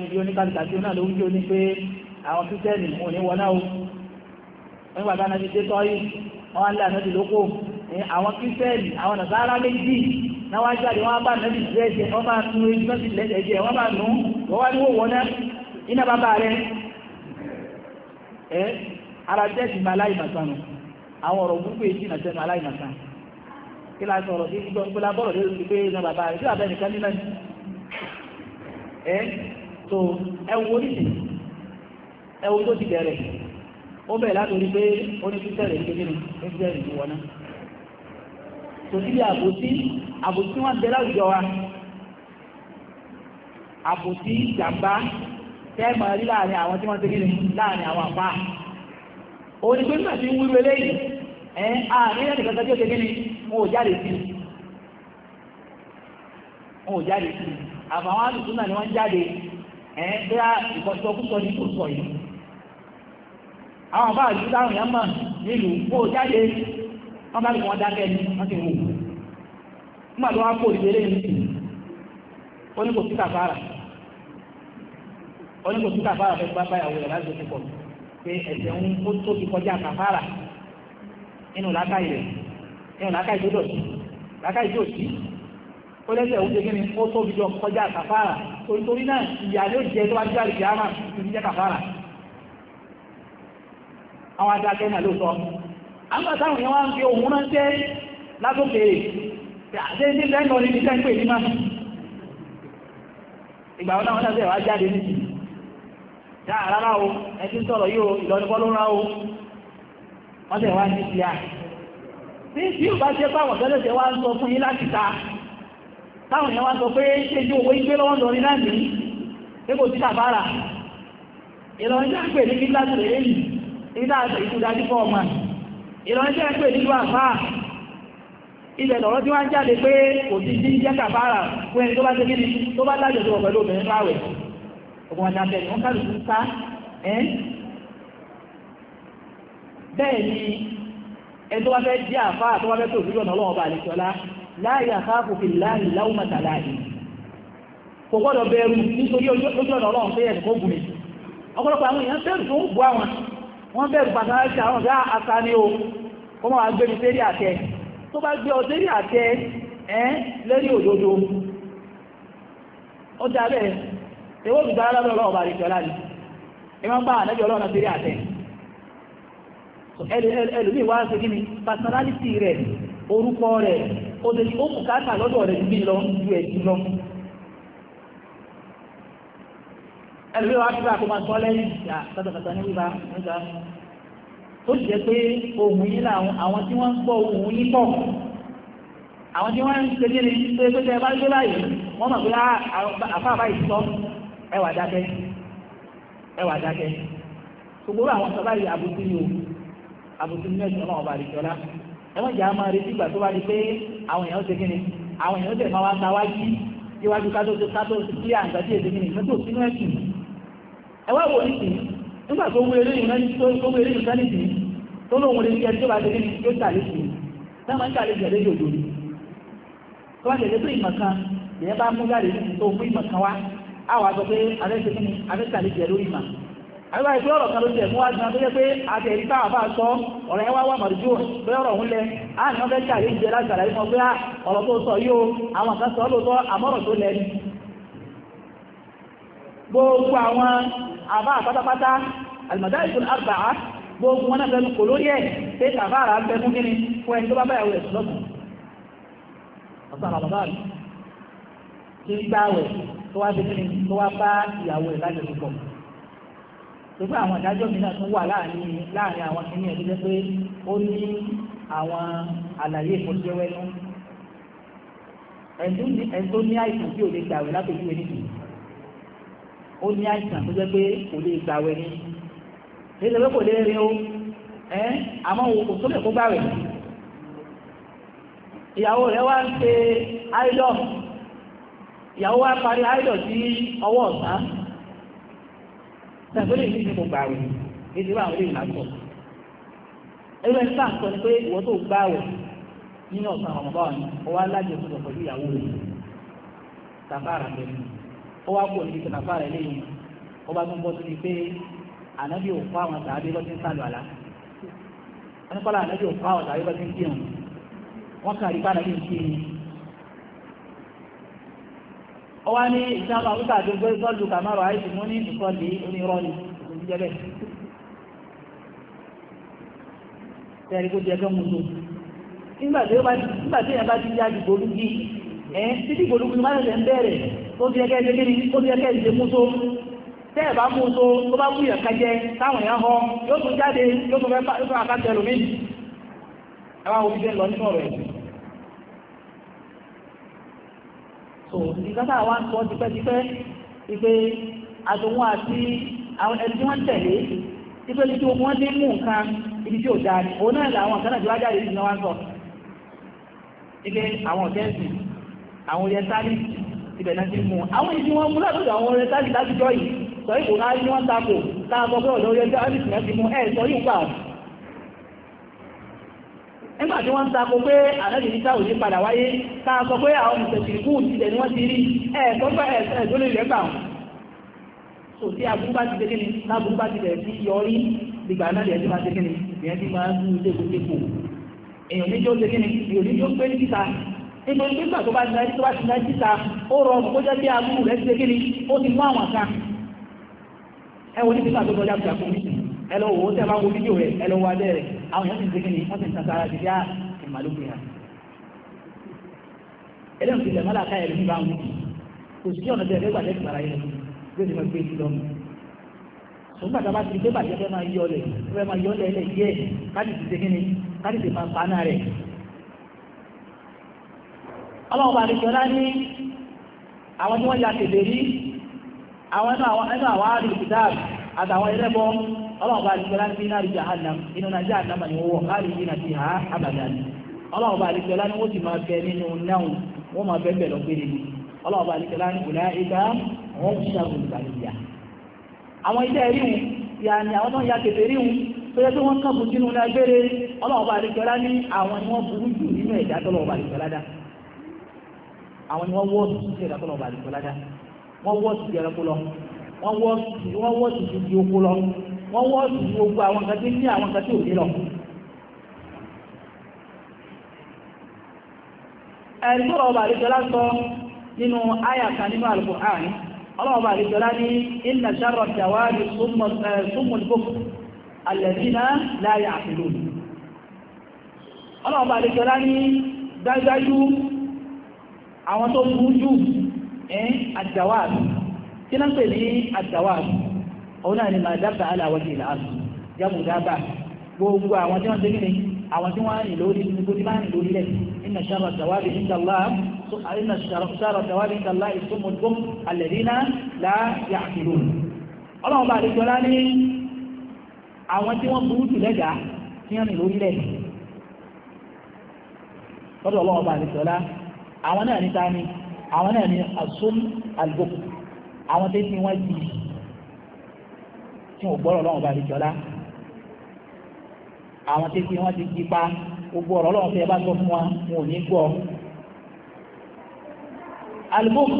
ibi oníkàlùkà tí ó náà ló ń jó ní pé àwọn kírísítẹ́nì ò ní wọ náà o nígbà tá a náà ti dé tọ́yì wọ́n á lé àná ìlókò àwọn kírísítẹ́nì àwọn nàzàrà méjì náà wájú àdé wọ́n bá nàbì lẹ́jẹ̀ wọ́n bá nu ibi náà ti lẹ́jẹ̀ wọ́n bá nu wọ́n wá ẹ́ ara jẹ́sì máa láìmàtán nù àwọn ọ̀rọ̀ gbogbo èyí nà sẹ́nu aláìmàtán kí la sọ̀rọ̀ sí gbogbo ńgbọ́lá bọ́ọ̀rọ̀ lórí ti pé ní bàbá rẹ̀ sí bàbá ẹnìkan nínú ẹni ẹ́ tó ẹwù oníṣì ẹwù tó ti bẹ̀rẹ̀ ó bẹ̀rẹ̀ látòrí pé oníṣìṣẹ́rẹ̀ ní kékeré oníṣìṣẹ́rẹ̀ ní wọná tó sí bí àbòsí àbòsí wọn bẹ láwùjọ wa àbòsí jàmbá tẹ́ mọ̀ rí láàrin àwọn tí wọ́n ti gíní láàrin àwọn àpá òun ni pé nígbà tí ń wúru eléyìí ẹ̀ àárín ẹ̀rìn kankan tí ó ti gíní wọn ò jáde sí wọn ò jáde sí àbàwọn àlùkù náà ni wọ́n jáde ẹ̀ bí a ìkọ̀sọ́kúsọ ní kò sọ yìí àwọn àbá àlùkù táwọn èèyàn mọ̀ nílùú wọn ò jáde wọ́n bá lè wọ́n dákẹ́ ni wọ́n ti wò nígbà tí wọ́n á kó òdìdí eléyìí ó ní kò sí kàfàrà onígbòsí kàfàrà fẹ́ gbá báyàwó rẹ̀ láti òkú pọ̀ pé ẹ̀sẹ̀ ń kó tó ti kọjá kàfàrà nínú làákàyè rẹ̀ nínú làákàyè tó dọ̀tí làákàyè tó sí ó lẹ́sẹ̀ ó dégé ni ó tóbi jọ kọjá kàfàrà torítorí náà ìyá ló jẹ tó bá jẹ́ àlùkí àmà tó ti jẹ́ kàfàrà àwọn adákẹ́ náà ló sọ àwọn táwọn yẹn wá ń fi òun ránṣẹ́ látòkèrè àti ẹni lẹ́nu ọ̀rẹ́ ní sẹ́ńpẹ̀ ní máa ìgbà wọn náà wọ́n náà sẹ́wàá jáde nìyí dáa rárá o ẹtí sọ̀rọ̀ yìí o ìlọ́nibọ́ ló ń ra o wọ́n tẹ̀ wá ní ìyá tí tí ò bá jẹ́ báwọn tẹ́lẹ̀ tẹ́ wá ń sọ fún yín láti ta táwọn èèyàn wá sọ pé ṣe ju owó ìgbé lọ́wọ́ lọ rí náà ní pé kò sí tàbára ìlọrin jẹ́ ń pè ní kí láti rèé yìí ibi náà ìlú dájú fọ́ ọmọ ìlọrin jẹ́ ń nílùú àfá ilẹ̀ lọ́rọ́ tí wọ́n jáde pé kò sí sí jẹ́ tàbára fún ẹni tó bá ṣe kí ni tó bá lájọ ọmọ ọ̀dàbẹ̀ ni wọ́n kálukú sá ẹ́ bẹ́ẹ̀ ni ẹni tó wá fẹ́ jẹ́ àfá tó wá fẹ́ tó òfin lọ́nà ọlọ́wọ́ bá àlejò ọlá láàyè àfá kò fi láàyè láwùn màtà láàyè kò gbọ́dọ̀ bẹ̀rù nítorí ojú ọ̀nà ọlọ́run fẹ́ ẹ̀kọ́ gùn mi ọ̀pọ̀lọpọ̀ àwọn èèyàn bẹ̀rù tó ń bu àwọn wọ́n bẹ̀rù pàtàkì àwọn ọ̀gá ata ni o kó máa gbé mi sérí àtẹ tó bá gbé ọ ewé olùgbàlá lọ́rọ̀ ọba àríṣọ́lá ni ẹ máa ń bá ànájọ́ ọlọ́run àti rí àtẹ ẹlòmíì wá sí kíni personality rẹ̀ orúkọ rẹ̀ O ti ní ó kù káàkà lọ́dọ̀ rẹ̀ ju bíi lọ ju ẹ̀jú lọ ẹlòmíì wá sí àkókò máa sọ lẹ́yìn ìjà kátàkátà ní wíwá níta ó sì jẹ́ pé ohun yín làwọn àwọn tí wọ́n ń gbọ́ ohun yín pọ̀ àwọn tí wọ́n ń ṣe kí ni pé pé tẹ́ bá gbé báyìí wọ́n mọ̀ pé ah, àfáà báyìí sọ ẹwà dákẹ́ ẹwà dákẹ́ àwọn yìí àbùtí o àbùtí ni ọba ẹ má jà á retí ìgbà tó bá di pé àwọn èèyàn ṣe kíni àwọn èèyàn tẹ̀ máa wá wá jí kátó tó kátó tó tí èdè kíni sínú ẹ̀sìn ẹ wò ní sìn nígbà tó wú eléyìí náà tó wú eléyìí náà nìsín tó tó bá àwọn àgbọ̀ pé abẹ́sẹ̀ kí ni abẹ́sẹ̀ àlejò lórí mà àbíbá ìpín ọ̀rọ̀ kan ló jẹ̀ mú wá jẹun tó jẹ́ pé àtẹ̀rí táwà bá sọ ọ̀rọ̀ ẹwà wà mọ̀rọ̀ jù pé ọ̀rọ̀ òun lẹ á ní wọ́n fẹ́ ṣàlẹ́ ìjẹ láti ṣàlàyé mọ́ pé ọ̀rọ̀ tó sọ yóò àwọn kan sọ lóòótọ́ àmọ́rọ̀ tó lẹ ni gbogbo àwọn àbá àpátápátá àlùmọ̀dá ìṣòro àgbà gbogbo wọn náà fẹ́ kò lórí ẹ̀ pé tàbá àrà ń bẹ fún kíni fún ẹni tó bá báyàwó ẹ̀sùn lọ́sàn ọ̀sán tó wá sí kíni tó wá bá ìyàwó ẹ̀ lájọṣepọ̀ gbogbo àwọn ìdájọ́ mi náà tún wà láàrin láàrin àwọn kìíní ẹ̀ tó jẹ́ pé ó ní àwọn àlàyé ìfọ́síwẹ́wẹ́nú ẹni tó ní àìsàn tí ò lè gbàwé látòjú ẹni tì ó ní àìsàn tó jẹ́ pé kò lè gbàwé ni kí ló kò lè rin o ẹ́ àmọ́ kò tó lè kó gbàwé ìyàwó rẹ̀ wá ń ṣe áìlọ́ọ̀ ìyàwó wa parí áìdọ̀ sí ọwọ́ ọ̀sán tẹ̀gbọ́n èyí ti kò gbààwẹ̀ èdè wa àwọn èyí làásọ̀ ẹgbẹ́ sáà sọ ni pé ìwọ tó gbààwẹ̀ nínú ọ̀sán ọ̀mọ̀bá wọn ó wá lájẹ̀ tó pẹ̀lú ìyàwó rẹ̀ tàbára rẹ̀ ó wá kó ní tàbára lẹ́yìn ó bá tún bọ́ sí pé ànábì ò fọ́ àwọn tàbí lọ́sí ń sàlù àlá wọn kọ́lá ànábì ò fọ́ àwọn tàbí lọ́sí ń kírun wọn kàrí bá ànábì ń kírun ọwá ní ìsáàmù àwúkà tó gbé sọ́lù kàmárọ̀ àìsì mú ní ìsọ́lì onírọ́lì òṣèjẹ́bẹ̀ tẹ́rí kó jẹ́ gẹ́mù tó nígbàtí èèyàn bá ti yá ìgbòlú bí ẹ́ títí ìgbòlú bí máa ń bẹ̀rẹ̀ tó ti ẹgẹ́ ṣe kiri tó ti ẹgẹ́ ṣe mú tó tẹ́ ẹ̀ bá mú tó tó bá mú ìyànká jẹ táwọn èèyàn họ yóò tún jáde yóò tún fẹ́ fà àkájẹ lómi ẹwà òfin lọ nínú ọ̀rọ̀ ẹ̀sìn tó nǹkan tá a wá ń sọ tipẹ́tipẹ́ ipe àtòwọn àti àwọn ẹni tí wọ́n tẹ̀lé ipe ní tí wọ́n dé mú nǹkan ibi tí ò dáa ni òun náà làwọn nǹkan náà ti wá jáde nínú wa ń sọ ipe àwọn ọ̀tẹ́ẹ̀sì àwọn orientali ibẹ̀ náà ti mú àwọn ìdí wọn mú látọ̀dọ̀ àwọn orientali láti jọ yìí sọ ìkò náà ní wọ́n tako láàbọ̀ pé ọ̀dọ̀ orientali ti mú ẹ̀ sọ yìí gbà nígbà tí wọ́n ń takò pé ànábì ní sáà òní padà wáyé ká sọ pé àwọn mùsùlùmí kù tilẹ̀ ni wọ́n ti rí ẹ̀ẹ́dọ́ bá ẹ̀ẹ́dọ́ lè rẹ́ gbà wọn. sò tí aburú bá ti dégé ni láburú bá ti bẹ̀rẹ̀ sí yọrí dìgbà náà lè ẹ̀dí máa dégé ni ìyẹn ti máa ń mú lékòlékò. èèyàn níjó dégé ni èèyàn níjó pé ní kíta nítorí pé gbàgbọ́ bá ti náà tó bá ti náà kíta ó rọrùn kó jẹ́ bí aburú rẹ̀ ti dégé ni ó ti mú àwọn kan. ẹ wo ní àwọn èèyàn ti ń segin ní wọ́n ti ń tàtàrà ti dá ìmàlókè hàn ẹlẹ́yìn ti lẹ̀ mọ́lá káyẹ̀ lómi bá ń wù kò sí ọ̀nà tẹ̀lé gbàdé ìgbàra yẹn bí ó ti máa gbé sí lọ́mù sọ́gbà tá a bá ti gbé bàjẹ́ fẹ́ máa yọ ọlẹ̀ fẹ́ máa yọ ọlẹ̀ ẹlẹ́ yẹ káàdì ti segin ní káàdì ti máa paná rẹ̀
ọlọ́run bá nìkan náà ní
àwọn tí wọ́n ya kèdè rí àwọn ẹnu àwọn àárín ìdáàbò àtàwọn ẹlẹ́bọ ọlọ́ọ̀bá àdìsọ́lá ń náà rí jahannam inú náà jahannam ni wọ́n wọ̀ káàrí yìí náà ti hà abàdà ni ọlọ́ọ̀bá àdìsọ́lá ni wọ́n ti máa bẹ nínú náà wọ́n máa bẹ́ẹ̀ bẹ̀rẹ̀ ọlọ́ọ̀bá ìgbà wọ́n àwọn ilé ni àwọn náà ya kàbù sínú wọ́n wọ́ tìtì di oko lọ wọ́n wọ́ tìtì gbogbo àwọn kan tí ní àwọn kan tí ò ní lọ. ẹ̀rí tó lọ́wọ́ bàálí sọ nínú àyà kan nínú Al-Qur'an ọlọ́wọ́ bàálí jọlá ní inna sharra dawaabi summul bukm alladhina la ya'qilun ọlọ́wọ́ bàálí jọlá ní dájúdájú àwọn tó burú jù ẹ̀ àjàwáàbí kí náà pè ní àtàwà òun náà ni máa dábàá aláwọ̀dì ìlànà jábù dábàá gbogbo àwọn tí wọ́n ti ní àwọn tí wọ́n rìn lórí gbogbo tí wọ́n rìn lórí rẹ̀ inna sharra tàwábì ìdàlá inna sharra tàwábì ìdàlá ìsúnmọ̀gbọ́n alladhina la ya'qilun ọlọ́run bá àdéjọ lá ní àwọn tí wọ́n burú jù lẹ́gà tí wọ́n rìn lórí rẹ̀ lọ́dọ̀ ọlọ́run bá àdéjọ lá àwọn náà ní tani àwọn náà ní àwọn tó ti wọ́n ti tí wọ́n gbọ́rọ̀ lọ́wọ́ bá rí jọlá àwọn tó ti wọ́n ti di pa gbogbo ọ̀rọ̀ lọ́wọ́ fẹ́ bá sọ fún wa wọn ò ní gbọ́ alùpùpù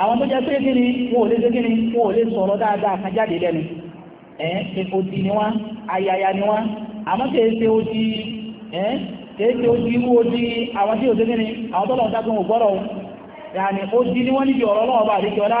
àwọn tó jẹ́ pé kí ni wọn ò lè ṣe kí ni wọn ò lè sọ̀rọ̀ dáadáa kan jáde lẹ́nu ẹ̀ ẹ́ odi ni wọ́n ayaya ni wọ́n àmọ́ kìí ṣe odi ẹ́ kìí ṣe odi irú odi àwọn tí ò ṣe kí ni àwọn tó lọ́wọ́ dákun ò gbọ́rọ̀ o yàní odi ni Ni wọ́n níbi ọ̀rọ̀ lọ́wọ́ bá àdéjọ́lá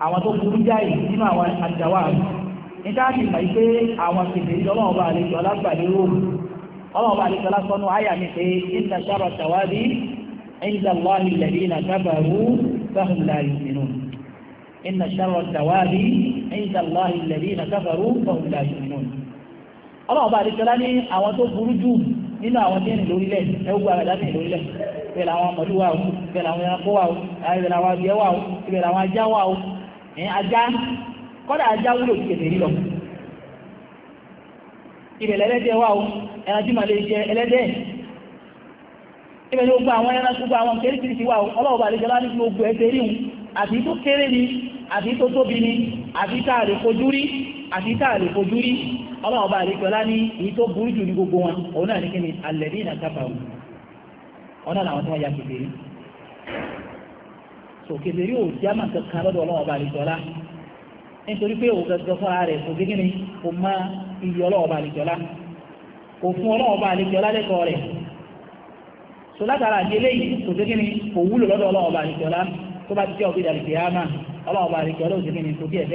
àwọn tó burú jáì nínú àwọn àjàwà ní táàbì mọ̀ pé àwọn kèfèrí ọlọ́ọ̀bà àlejò alágbàlérò ọlọ́ọ̀bà àlejò alásọ́nù àyà mi pé inna sharra tàwádìí inda Allahi alladhina kafaru fahum la yu'minun tàwádìí inda Allahi alladhina kafaru fahum la yu'minun àwọn tó burú jù nínú àwọn ẹranko wà o bẹ̀rẹ̀ àwọn abìyẹ́ wà o bẹ̀rẹ̀ àwọn ajá wà o ajá kọ́dà ajá wúlò ti kèfè rí lọ ìbẹ̀lẹ̀ ẹlẹ́dẹ̀ wà ó ẹran tí màá lè jẹ ẹlẹ́dẹ̀ ìbẹ̀lẹ̀ gbogbo àwọn ẹran gbogbo àwọn kéríkìrìkì wà ó ọlọ́wọ́ bá lè jẹ láti gbogbo ẹsẹ̀ ríhun àti tó kéré ni àti tó tóbi ni àti tá a lè fojú rí àti tá a lè fojú rí ọlọ́wọ́ bá lè jọ èyí tó burú jù ní gbogbo wọn òun náà ní kí ni òun ọ̀nà làwọn so yóò já mà kankan lọ́dọ̀ ọlọ́wọ́ bá nítorí pé òun fúnra rẹ̀ kò gígí ni kò má iyì ọlọ́wọ́ bá kò fún ọlọ́wọ́ lẹ́kọ̀ọ́ rẹ̀ so látara àti eléyìí kò gígí ni kò wúlò lọ́dọ̀ ọlọ́wọ́ bá tó bá ti jẹ́ òbí dàbí kìyàmà ọlọ́wọ́ bá àlejòlá ò gígí ni kò ẹ̀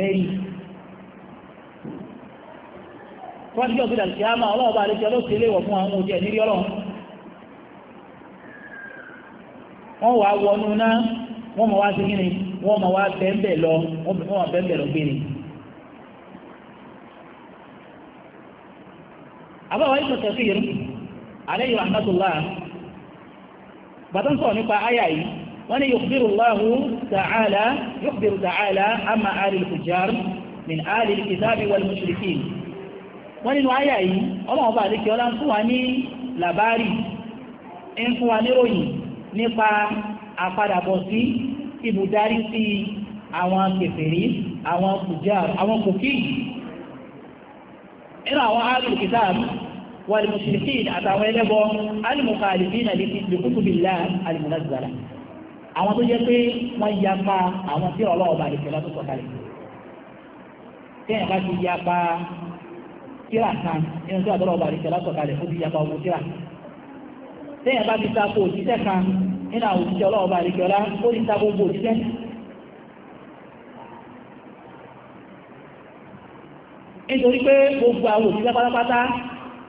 lẹ́yìn wọ́n mọ̀ wá sí kí ni wọ́n mọ̀ wá bẹ́ẹ̀bẹ̀ lọ wọ́n mọ̀ bẹ́ẹ̀bẹ̀ lọ gbé ni. àbáwá ibn Kathir alayhi rahmatullah bàtán sọ̀rọ̀ nípa àyà yìí wọ́n ní yukhbiru Allahu ta'ala yukhbiru ta'ala amma ali al-fujjar min ali al-kitabi wọ́n nínú àyà yìí ọlọ́run bá àdékẹ́ ọlá ń fún wa ní làbárì ń fún wa níròyìn nípa àpadàbọ̀ sí ibùdarí sí àwọn kèfèrí àwọn kùjá àwọn kòkí inú àwọn ahlul kitab wal mushrikin àtàwọn ẹlẹ́bọ al-mukhalifin li kutubillah al-munazzala àwọn tó jẹ́ pé wọ́n yapa àwọn tí ọlọ́ọ̀bà ìfẹ́ lọ́tọ̀ sọ̀kalẹ̀ tí ẹ̀yà bá ti yapa tíra kan inú tí ọlọ́ọ̀bà ìfẹ́ lọ́tọ̀ sọ̀kalẹ̀ ó ti yapa ọmọ tíra tí ẹ̀yà ti ta kó òjíṣẹ́ kan nínú àwọn òṣìṣẹ́ ọlọ́ọ̀bá àríkẹ́ọlá ó ní ta gbogbo òṣìṣẹ́ nítorí pé gbogbo àwọn òṣìṣẹ́ pátápátá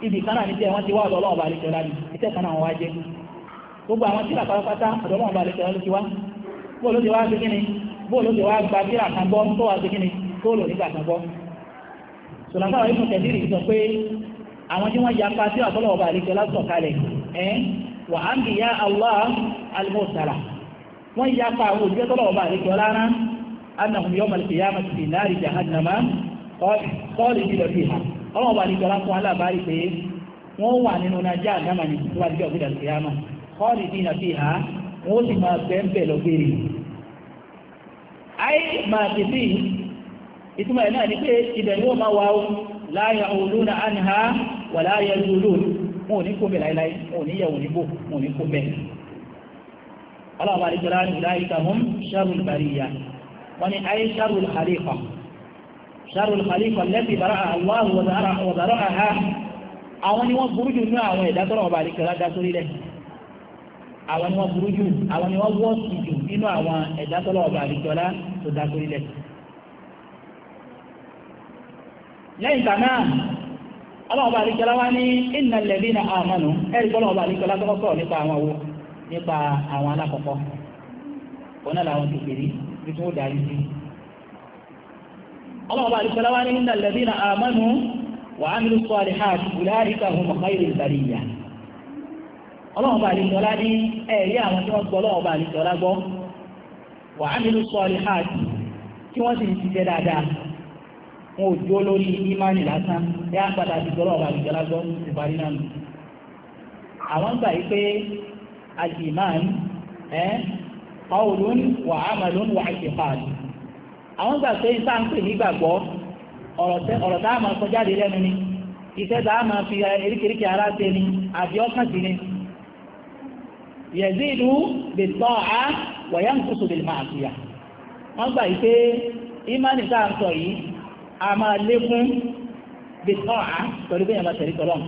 ibì ibi ní tí wọ́n ti wá ọ̀dọ̀ ọlọ́ọ̀bá ní iṣẹ́ wọ́n wá jẹ́ gbogbo àwọn tíra pátápátá ọ̀dọ̀ ló ti wá bóòlù ti wá kíni bóòlù ti wá gba tíra kan tó wá kíni nígbà kan sọ pé àwọn tí wọ́n ọba wà á bì yá Allah alimọ̀sára wọ́n yá pa àwọn òjúwẹ́ tọ́lọ̀ ọba àríkẹ́ ọlára annahum yawm al-qiyamati fi nari jahannama kọ́ọ̀lì ìdílọ̀ fi hà ọlọ́wọ́ bá àríkẹ́ ọlá fún alábàárí pé wọ́n òlúna anha wà láyà òlúna wọn ò ní kó bẹ̀ láíláí wọn ò ní yẹ̀ wọn ò ní bò wọn ò ní kó bẹ̀. aláwọ̀ àdìgbòrá ni ìlà ìta hum sharul bariya wọ́n ní ayé sharul khalifa sharul khalifa lẹ́bi bara Allah wàzàrọ̀ àhá àwọn ni wọ́n burú jù ní àwọn ẹ̀dá ọba àdìgbòrá dá sórí lẹ̀ àwọn ni wọ́n burú jù àwọn ni wọ́n wọ́ọ̀sì jù nínú àwọn ẹ̀dá ọba àdìgbòrá tó dá sórí lẹ̀ lẹ́yìn tànáà ọlọ́ọ̀bá àríkẹ́lá wá ní lẹ́bí na àmọ́nù ẹ̀rí ọlọ́ọ̀bá kọ́kọ́ nípa àwọn owó nípa àwọn alákọ̀ọ́kọ́ òun náà làwọn kékeré bí tó darí sí ọlọ́ọ̀bá wá na àmọ́nù wà á sọ gbọ́ wà wọn ò jó lórí ìmánì lásán yá padà ti gbọ́rọ̀ ọba ìjọba gbọ́ ìparí náà nù. àwọn gbà yí pé al-iman ẹ́ qawlun wa amalun wa i'tiqad. àwọn gbà pé sáà ń pè ní ọ̀rọ̀ tá a máa sọ jáde lẹ́nu ni iṣẹ́ tá a máa fi eríkèríkè ara ṣe ni àbí ọkàn sí ni. yazidu bit-ta'a wa yanqusu bil-ma'siyah. wọ́n gbà yí pé ìmánì tá à ń sọ yìí a máa lékún bí tọ́ọ̀á pẹ̀lú bí ẹ̀ma tẹ̀lé tọ́lọ́n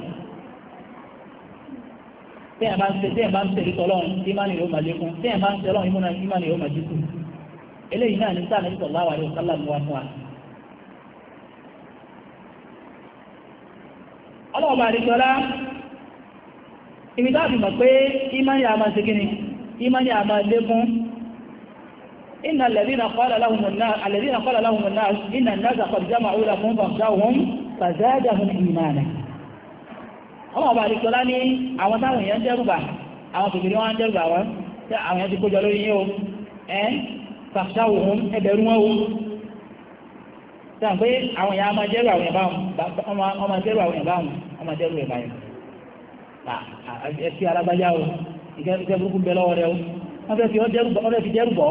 bí ẹ̀ma ń ń tẹ̀lé tọ́lọ́n ìmánì yóò máa lékún bí ẹ̀ma ń tẹ̀lọ́n ìmúna ìmánì yóò máa dínkù eléyìí náà ní sáà ní sọ̀lá wà ọ̀sálà mú wa fún wa. ọlọ́ọ̀bà àdìsọ́lá ibi táàbì mọ̀ pé ìmánì àmà ṣe kíni ìmánì àmà إن الذين قال لهم الناس الذين قال لهم الناس إن الناس قد جمعوا لكم فاخشوهم فزادهم إيمانا ọmọ ọba àríkọlá ní àwọn táwọn èèyàn jẹ́rùbà àwọn kìkìrí wọn jẹ́rùbà wọn tí àwọn èèyàn ti kójọ lórí yíò ẹ́ fàṣáwò hún ẹbẹ̀rú wọn wó sáà pé àwọn èèyàn máa jẹ́rù àwọn ìbáwọn ọmọ jẹ́rù àwọn ìbáwọn ọmọ jẹ́rù ìbáyìí ẹ̀sí arábájá o ìkẹ́ burúkú bẹ lọ́wọ́ rẹ o wọ́n fẹ́ fi jẹ́rùbọ̀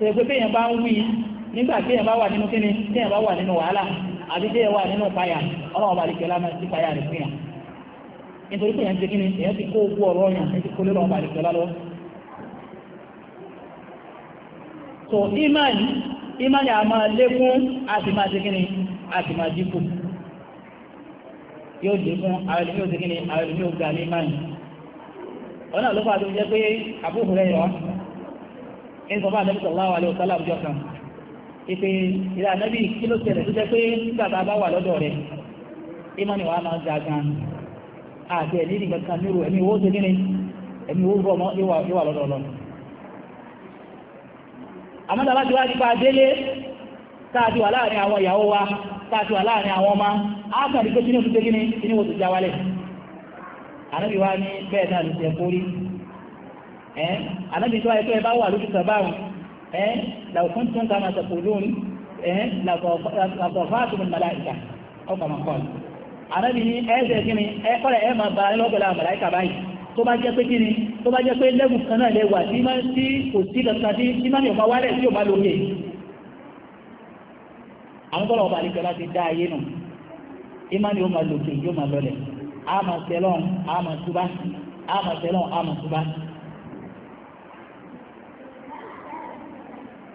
ṣe pé kéèyàn bá ń wí nígbà kéèyàn bá wà nínú kíni kéèyàn bá wà nínú wàhálà àbí kéèyàn wà nínú ìpayà ọlọ́run bá lè kẹ́lá máa ti payà rẹ̀ fún yàn nítorí pé èèyàn ti kíni èèyàn ti kó owó ọ̀rọ̀ yàn èèyàn ti kó lérò ọba lè kẹ́lá lọ. so imani imani a máa lékún a sì máa ti kíni a sì máa dínkù yóò dínkù àwọn ènìyàn yóò ti kíni àwọn ènìyàn yóò ga ní imani ọ̀nà ló fà tó jẹ́ pé Abu Hurairah ń sọ fún ànábì sallallahu alaihi wasallam jọ kan ìpè ìlà ànábì kí ló ṣẹlẹ̀ tó jẹ́ pé nígbà tá a bá wà lọ́dọ̀ rẹ̀ ìmọ̀ni wàá máa ń ga gan àti ẹ̀ nídìí kankan nírú ẹ̀mí owó ṣe kíni ẹ̀mí owó bọ̀ mọ́ yóò wà lọ́dọ̀ lọ. àmọ́ tá a bá ti wá nípa délé tá a ti wà láàrin àwọn ìyàwó wa tá a ti wà láàrin àwọn ọmọ á kàn rí pé kíní òtún ṣe kíni kíní òtún já wálẹ̀ ànábì wa ní bẹ́ẹ̀ náà ló ṣe kórìí ẹ́ anábì tó ẹ̀kọ́ ẹbá wà lójú sàbáwọn ẹ́ làkún tún ká máa sọ̀pọ̀ lónìí ẹ́ làkọ̀fáàtùmù màláìkà ọkọ̀ máa kọ́ anábì ní ẹ̀ẹ́sẹ̀ kí ni ẹ kọ́lẹ̀ ẹ máa bá lọ́gbẹ̀lá màláìkà báyìí tó bá jẹ́ pé kí ni tó bá jẹ́ pé lẹ́gùn kan náà lẹ wà tí máa tí kò sí lọ́sàn tí tí máa mi ò máa wálẹ̀ tí ò máa lóye àwọn tọ́lọ̀ ọba àlejò láti dá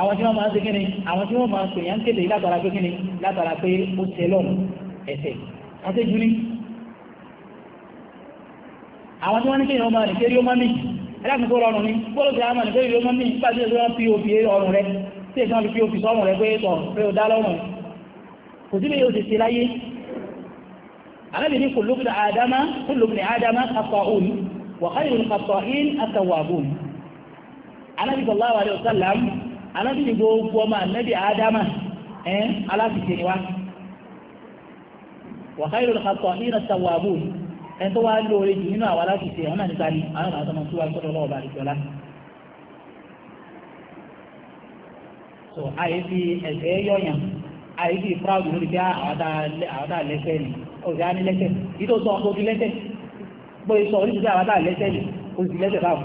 àwọn tí wọ́n máa ń ṣe kíni àwọn tí wọ́n máa ń pèyàn kéde látara pé kíni látara pé ó ṣe lọ́nà ẹ̀sẹ̀ wọ́n ṣe jú ní àwọn tí wọ́n ní kéèyàn ọmọ rẹ̀ kéré ó máa mí ẹlẹ́kùnkó rọrùn bọ́ọ̀lù tí a máa nìkéré ló máa mí pàdé ẹ̀sọ́ wọn pop ọrùn rẹ̀ tí èsàn fi pop sọ́rùn rẹ̀ pé sọ pé ó dá lọ́rùn kò sí bí yóò láyé alábì ní àdámá kùlùkùn àdámá alábìnrin gbogbo ọmọ ànábì ádámà ẹ́ aláṣìṣe ni wá wàhálà olùkàtọ̀ ìrìnà sàwàbù ẹ̀ tó wá lóore jù nínú àwọn aláṣìṣe àwọn náà níta ni àwọn àwọn àtọmọ tó wá gbọ́dọ̀ lọ́wọ́ bá àdìjọlá so àyè fi ẹ̀fẹ́ yọ̀yàn àyè fi proud lórí bí àwọn dá lẹ́sẹ̀ ni ọ̀gá ní lẹ́sẹ̀ yìí tó sọ ọkọ̀ òbí lẹ́sẹ̀ bóyá sọ oríṣiríṣi àwọn dá lẹ́sẹ̀ ni òsì lẹ́sẹ̀ báwọn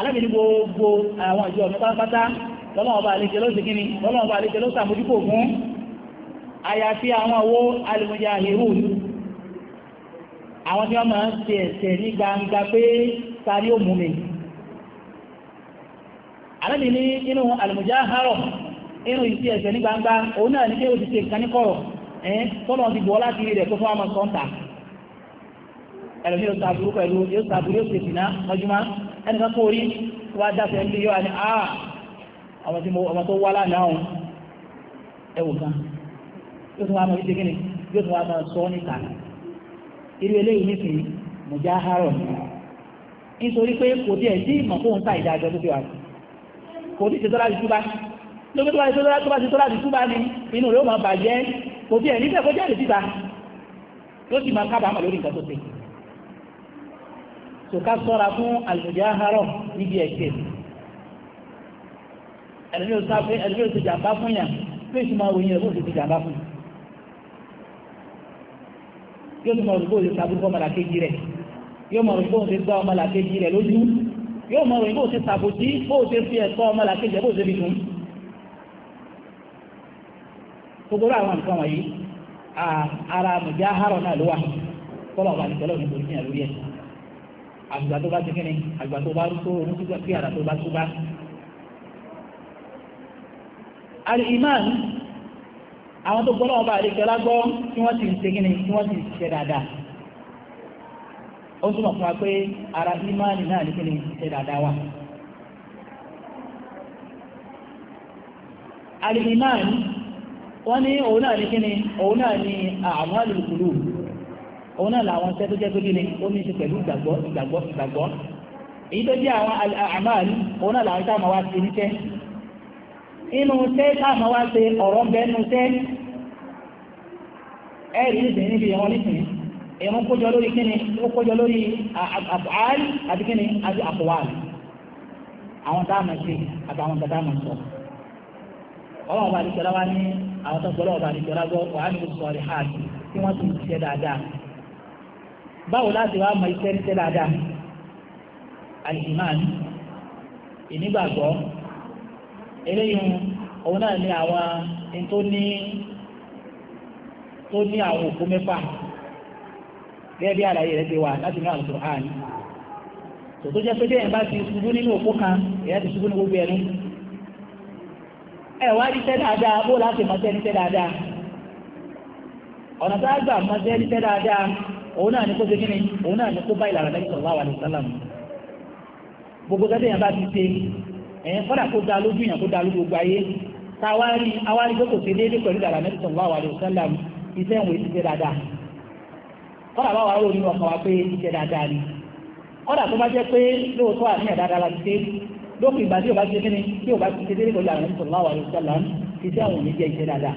alábìnrin gbogbo àwọn ìjọ mi pátápátá lọ́lọ́wọ́ bá àlejò ló ṣe kíni lọ́lọ́wọ́ bá àlejò ló ṣàmójúkò fún àyàfi àwọn owó alìmọ̀já ìhù àwọn tí wọ́n máa ń ṣe ẹ̀ṣẹ̀ ní gbangba pé sáré ó mú mi alábìnrin inú alìmọ̀já harọ̀ inú ìṣe ẹ̀ṣẹ̀ ní gbangba òun náà ní pé ó ti ṣe nǹkan ẹ̀rọ yóò sàbúrú pẹ̀lú yóò sàbúrú yóò tètè náà mọ́júmá ẹnìkan kó rí wá dáfẹ́ ń bí yóò ní ah! àà ọmọ tí mo ọmọ tó wá lánàá ọ̀hún ẹwù kan yóò tún wá máa fi ṣégin ni yóò tún wá máa sọ ọ́ níta irú eléyìí nísìnyí mo já hárọ̀ nítorí pé kò tí ẹ̀ sí ìmọ̀ ta ìdá àjọ tó fi wà kò tí ṣe tọ́lá ti túbá lóbi tó bá ṣe tọ́lá ti túbá ni inú rẹ̀ ó máa bàjẹ́ kò tí ẹ̀ nífẹ̀ẹ́ kó jáde síta yóò sì máa kábàámọ̀ lórí nǹkan tó ṣe tó ká sọ́ra fún àlùjáhárọ̀ níbi ẹ̀kẹ́ ẹ̀lẹ́mí ò sáfẹ́ ẹ̀lẹ́mí ò ti jàmbá fún yàn fún ìsúnmọ́ àwọn èèyàn ló ti jàmbá fún yóò tún mọ̀ òrùbó ti sàbúrú fún ọmọlàkejì rẹ̀ yóò mọ̀ òrùbó ti gbá ọmọlàkejì rẹ̀ lójú yóò mọ̀ òrùbó ti sàbòtí bó ti fi ẹ̀tọ́ ọmọlàkejì rẹ̀ bó ti fi dùn gbogbo àwọn nǹkan wọ̀nyí ara mùjáhárọ̀ náà ló wà kọ́lọ̀ wà nígbàlọ́ nígbàlọ́ àgbà tó bá ti kíni àgbà tó bá tó orun sígbà sí àrà tó bá tó bá. al-iman àwọn tó gbọ́dọ̀ ọba àdékẹ́ lágbọ́ tí wọ́n ti ń ṣe kíni tí wọ́n ti ń ṣe dáadáa ó túnmọ̀ fún wa pé ara imáàni náà ní kíni ṣe dáadáa wà. al-iman wọ́n ní òun náà ní kíni òun náà ní a'malul qulub òun náà làwọn iṣẹ́ tó jẹ́ pé kíni ó ní í ṣe pẹ̀lú ìgbàgbọ́ ìgbàgbọ́ ìgbàgbọ́ èyí tó jẹ́ àwọn àmàlí òun náà làwọn iṣẹ́ àmọ́ wá ṣe níṣẹ́ inú iṣẹ́ táàmọ́ wá ṣe ọ̀rọ̀ ń bẹ nínú iṣẹ́ ẹ̀rí nísìnyí níbi ìwọ̀n nísìnyí ìwọ̀n kójọ lórí kíni ó kójọ lórí àbáàlì àti kíni àti àpòwàlì àwọn táàmọ̀ sí àtàwọn táàmọ̀ sọ ọlọ́run bá àdìsọ́lá wá ní àwọn tó gbọ́lọ́wọ́ bá àdìsọ́lá gbọ́ wàhálì sọ̀rọ̀ hàn tí wọ́n ti ṣiṣẹ́ dáadáa báwo láti wá mọ iṣẹ́ níṣẹ́ dáadáa alìmáàni ìnígbàgbọ́ eléyìí òun náà ní àwọn tó ní tó ní àwọn òkú mẹ́fà gẹ́gẹ́ bí àlàyé rẹ̀ ti wà láti ní Al-Qur'an tó tó jẹ́ pé bẹ́ẹ̀ bá ti ṣubú nínú òkú kan èyí ti ṣubú ní gbogbo ẹnu ẹ wá níṣẹ́ dáadáa bó láti mọ iṣẹ́ níṣẹ́ dáadáa ọ̀nà tá a gbà mọ iṣẹ́ níṣẹ́ dáadáa òun náà ní kó ṣe kíni òun náà ní kó bá ìlànà lẹ́yìn sallallahu alaihi wasallam gbogbo gẹ́gẹ́ yẹn bá ti ṣe ẹ̀yẹn kọ́dà kó da lójú yẹn kó da lójú gbogbo ayé ta awárí awárí pé kò ṣe déédéé pẹ̀lú ìlànà lẹ́yìn sallallahu alaihi wasallam iṣẹ́ ìwé ti ṣe dáadáa kọ́dà bá wà ó nínú ọkàn wa pé iṣẹ́ dáadáa ni kọ́dà tó bá jẹ́ pé lóòótọ́ àníyàn dáadáa la ti ṣe lókùn ìgbà tí ò bá ti ṣe kíni tí ò bá ti ṣe déédéé pẹ̀lú ìlànà lẹ́yìn sallallahu alaihi wasallam iṣẹ́ ìwé ni jẹ́ iṣẹ́ dáadáa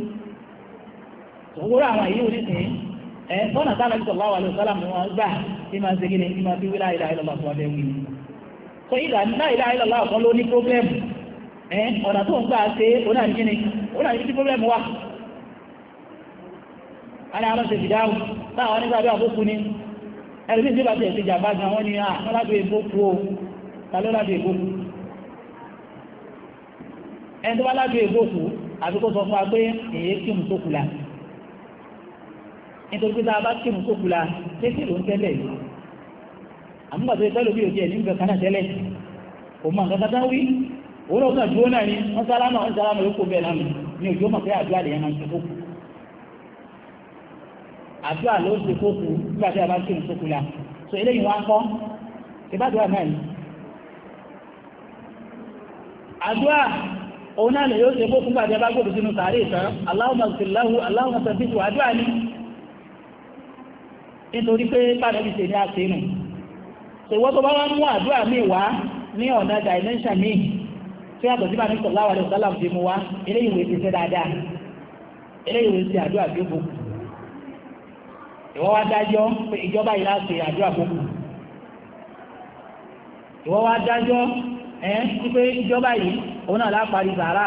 òwúrọ̀ àwọn èyí onísìn ẹ tọ́nà tá alábi sọ̀lá wàlẹ̀ ọ̀sálà mú wọn gbà tí máa ń ṣe gíní tí máa fi wí láì láì lọ́la fún ọbẹ̀ wí. sọ ìlà láì láì lọ́la ọ̀kan ló ní pọ́blẹ́mù ẹ ọ̀nà tó ń gbà ṣe onáàdìgíní onáàdìgíní pọ́blẹ́mù wà. a ní àwọn ṣe fìdáhùn táwọn nígbà bí àkókò ni ẹ̀rí bí bá tẹ̀sí ìjàmbá gan wọ́n ni àwọn lábẹ́ ègbó kú o tàbí lábẹ́ ègbó kú ẹni tó bá lábẹ́ ègbó kú àbíkó sọ fún wa pé èyí kí mú tó kù láti nítorí pé tá a bá kírun tó kula tẹ́sí ló ń tẹ́lẹ̀ àmúgbà tó tẹ́lẹ̀ bí òjì ẹ̀ nígbà kan náà tẹ́lẹ̀ kò mọ nǹkan kan wí òun náà dúró náà ni wọ́n sára náà wọ́n sára náà yóò lè so eléyìí wá ń kọ́ ìbádùrà náà ni àdúrà òun náà lè yóò ṣe kókù nígbà tí a bá gbòdò sínú ìtàn aláwọ̀ mọ̀ sí láwù aláwọ̀ mọ̀ nítorí pé pàdébí ṣe ní àṣínú ṣèwọ́ tó bá wá mú àdúrà míì wá ní ọ̀nà dimension míì tí yàtọ̀ sí bàbá sọ̀lá wà ní ọ̀sálà fi mu wá eléyìí wòye ti ṣe dáadáa eléyìí wòye ti àdúrà bí ó kù ìwọ́ wá dájọ́ pé ìjọba yìí láti àdúrà kókù ìwọ́ wá dájọ́ ẹ̀ sí pé ìjọba yìí òun náà lápárí sàárà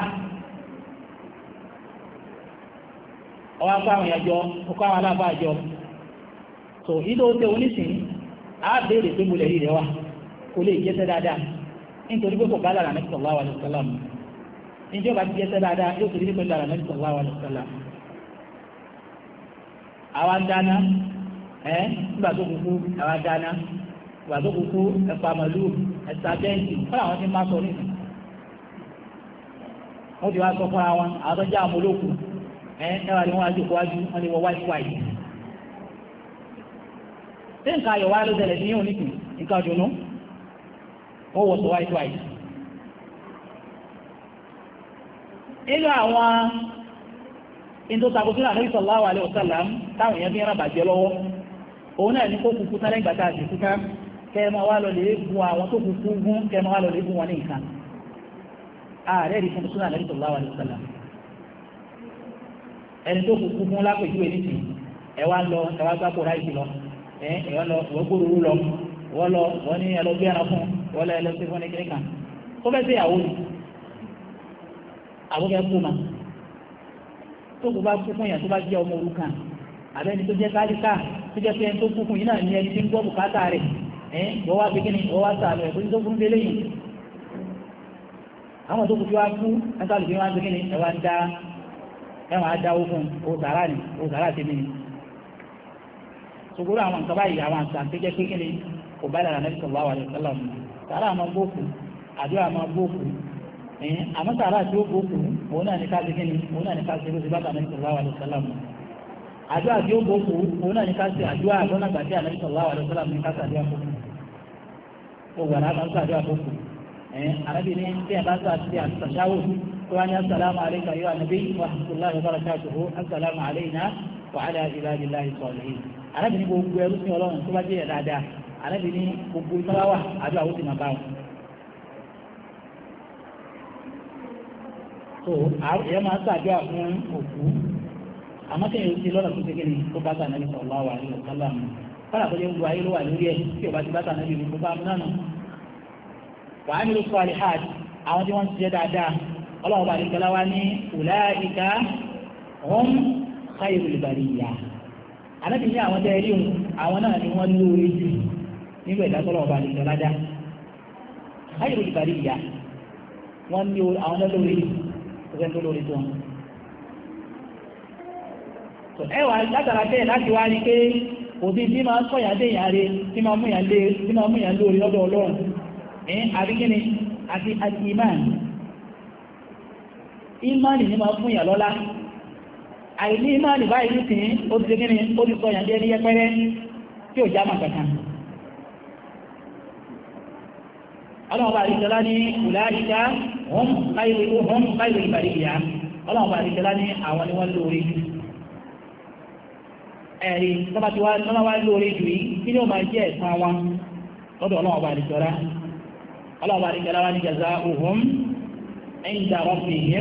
ọwọ́ akọ àwọn ìyàjọ ọkọ àwọn aláàbàjọ so ìdó tẹ onísìn á béèrè pé mo lè rí rẹ wá kò lè jẹ́sẹ́ dáadáa nítorí pé kò bá lára nàbì sallallahu alaihi wasallam níjẹ́ bá ti jẹ́sẹ́ dáadáa yóò ti rí pé lára nàbì sallallahu alaihi wasallam àwa dáná ẹ́ nígbà tó kúkú àwa dáná ìgbà tó kúkú ẹ̀pà màlúù ẹ̀sà bẹ́ǹtì fún àwọn tí máa sọ nísìn wọ́n ti wá sọ fúnra wọn àwọn tó tí nǹkan ayọ̀ wáyé ló tẹ̀lẹ̀ sí yóò nìkù nǹkan jùnú ó wọ̀ sọ wáyé twice nínú àwọn ìdótakùsí náà nígbà sallallahu alaihi wasallam táwọn èèyàn bí ń rábàjẹ́ lọ́wọ́ òun náà ní kó kúkú tán lẹ́gbàá tá a sì kúkú kẹ́ẹ̀mọ́ wá lọ lè gun àwọn tó kúkú gún kẹ́ẹ̀mọ́ wá lọ lè gun wọn ní nǹkan ààrẹ rí fún súnà lẹ́yìn sallallahu alaihi wasallam ẹni tó kúkú gún lápèjúwe nìsín ẹ wá lọ ẹ wá gbápò ráìsì lọ ìwọ́n lọ wọ́n gbòòrò lọ wọ́n lọ wọ́n ní ẹlọ́gbé ẹran fún wọ́n lọ ẹlọ́gbé fún ẹnìkiri kan kó fẹ́ sí ìyàwó ni àbúkẹ́ kú ma tó kú bá kú fún yàn tó bá jẹ́ ọmọ òrukàn àbẹ́ni tó jẹ́ káríkà tó jẹ́ pé ẹni tó kú fún yìí náà ní ẹni tí ń gbọ́ bùkátà rẹ̀ ẹ̀ wọ́n wá gbégé ni wọ́n wá sàánú ẹ̀ tó kú délé yìí àwọn tó kú tí wá kú ẹ̀ka lùfẹ́ wá gbégé ni ẹ̀ wá ń dá ẹ̀ wọ́n á dáwó fún òsàrà ni òsàrà ṣùgbọ́n àwọn nǹkan báyìí àwọn nǹkan tó jẹ́ pé kí ni kò bá dára nẹ́bí sọ̀rọ̀ àwọn ẹ̀sọ́ lọ́mù sàrà àmọ́ gbòòkù àdúrà àmọ́ gbòòkù ẹ̀yìn àmọ́ sàrà tí ó gbòòkù òun náà ní ká ṣe kí ni òun náà ní ká ṣe bó ṣe bá dára nẹ́bí sọ̀rọ̀ àwọn ẹ̀sọ́ lọ́mù àdúrà tí ó gbòòkù òun náà ní ká ṣe àdúrà lọ́nà gbàdí ànẹ́bí sọ̀rọ̀ àwọn ẹ̀sọ́ lọ́mù ní ká ṣàdúrà gbòòkù gbogbo àná máa ń sàdúrà gbòòkù ẹ̀yìn àrẹ́bí ní tí ẹ̀ bá sàdúrà àtúnṣàṣáwò وأن السلام عليك أيها النبي ورحمة الله وبركاته السلام علينا وعلى عباد الله الصالحين alábi ní gbogbo ẹrú sí ọlọ́run tó bá jẹ́ ẹ̀ dáadáa alábi ní gbogbo ìtọ́wá wà àdó àwọn òsì máa bá wọn.
so èèyàn máa ń
ṣàdúrà fún òkú àmọ́ kí èèyàn ti lọ́nà tó ṣe ní tó bá tà náà sọ̀rọ̀ wá wà ní ọ̀sánlá mu kọ́lá kọjá gbogbo ayé ló wà lórí ẹ̀ tí ọba ti bá tà náà lè gbogbo àmì nù. wàá nílò sọ àlè hajj àwọn tí wọ́n ti jẹ́ dáadáa ọlọ́run bá ní kẹlá ní ọ̀lá ìka ọ̀hún káyọ̀ ìyá ànábì ní àwọn tẹ́ẹ̀rí òun àwọn náà ni wọ́n lóore jù nínú ẹ̀dá tọ́lọ̀ ọba àlejò ládá ayé òjì parí ìyá wọ́n ní àwọn náà lóore ọ̀sẹ̀ tó lóore tó wọn. ẹ wà látara bẹ́ẹ̀ láti wá rí pé òbí bí máa ń sọ̀yà dé ìyá rẹ̀ tí máa mú ìyàn lé tí máa mú ìyàn lóore lọ́dọ̀ ọlọ́run ní àríkíni àti àti ìmáàni ìmáàni ni máa fún ìyàn lọ́lá àìní máa nìbá ìlú tí ó ti gíní ó ti sọ ìyàndé ní yẹpẹrẹ tí ó jámà kankan ọlọ́ọ̀bà àríkẹ́lá ní wọ́n ní àwọn ni lóore jù ẹ̀rí lóore jù yìí kí ni ó máa jẹ́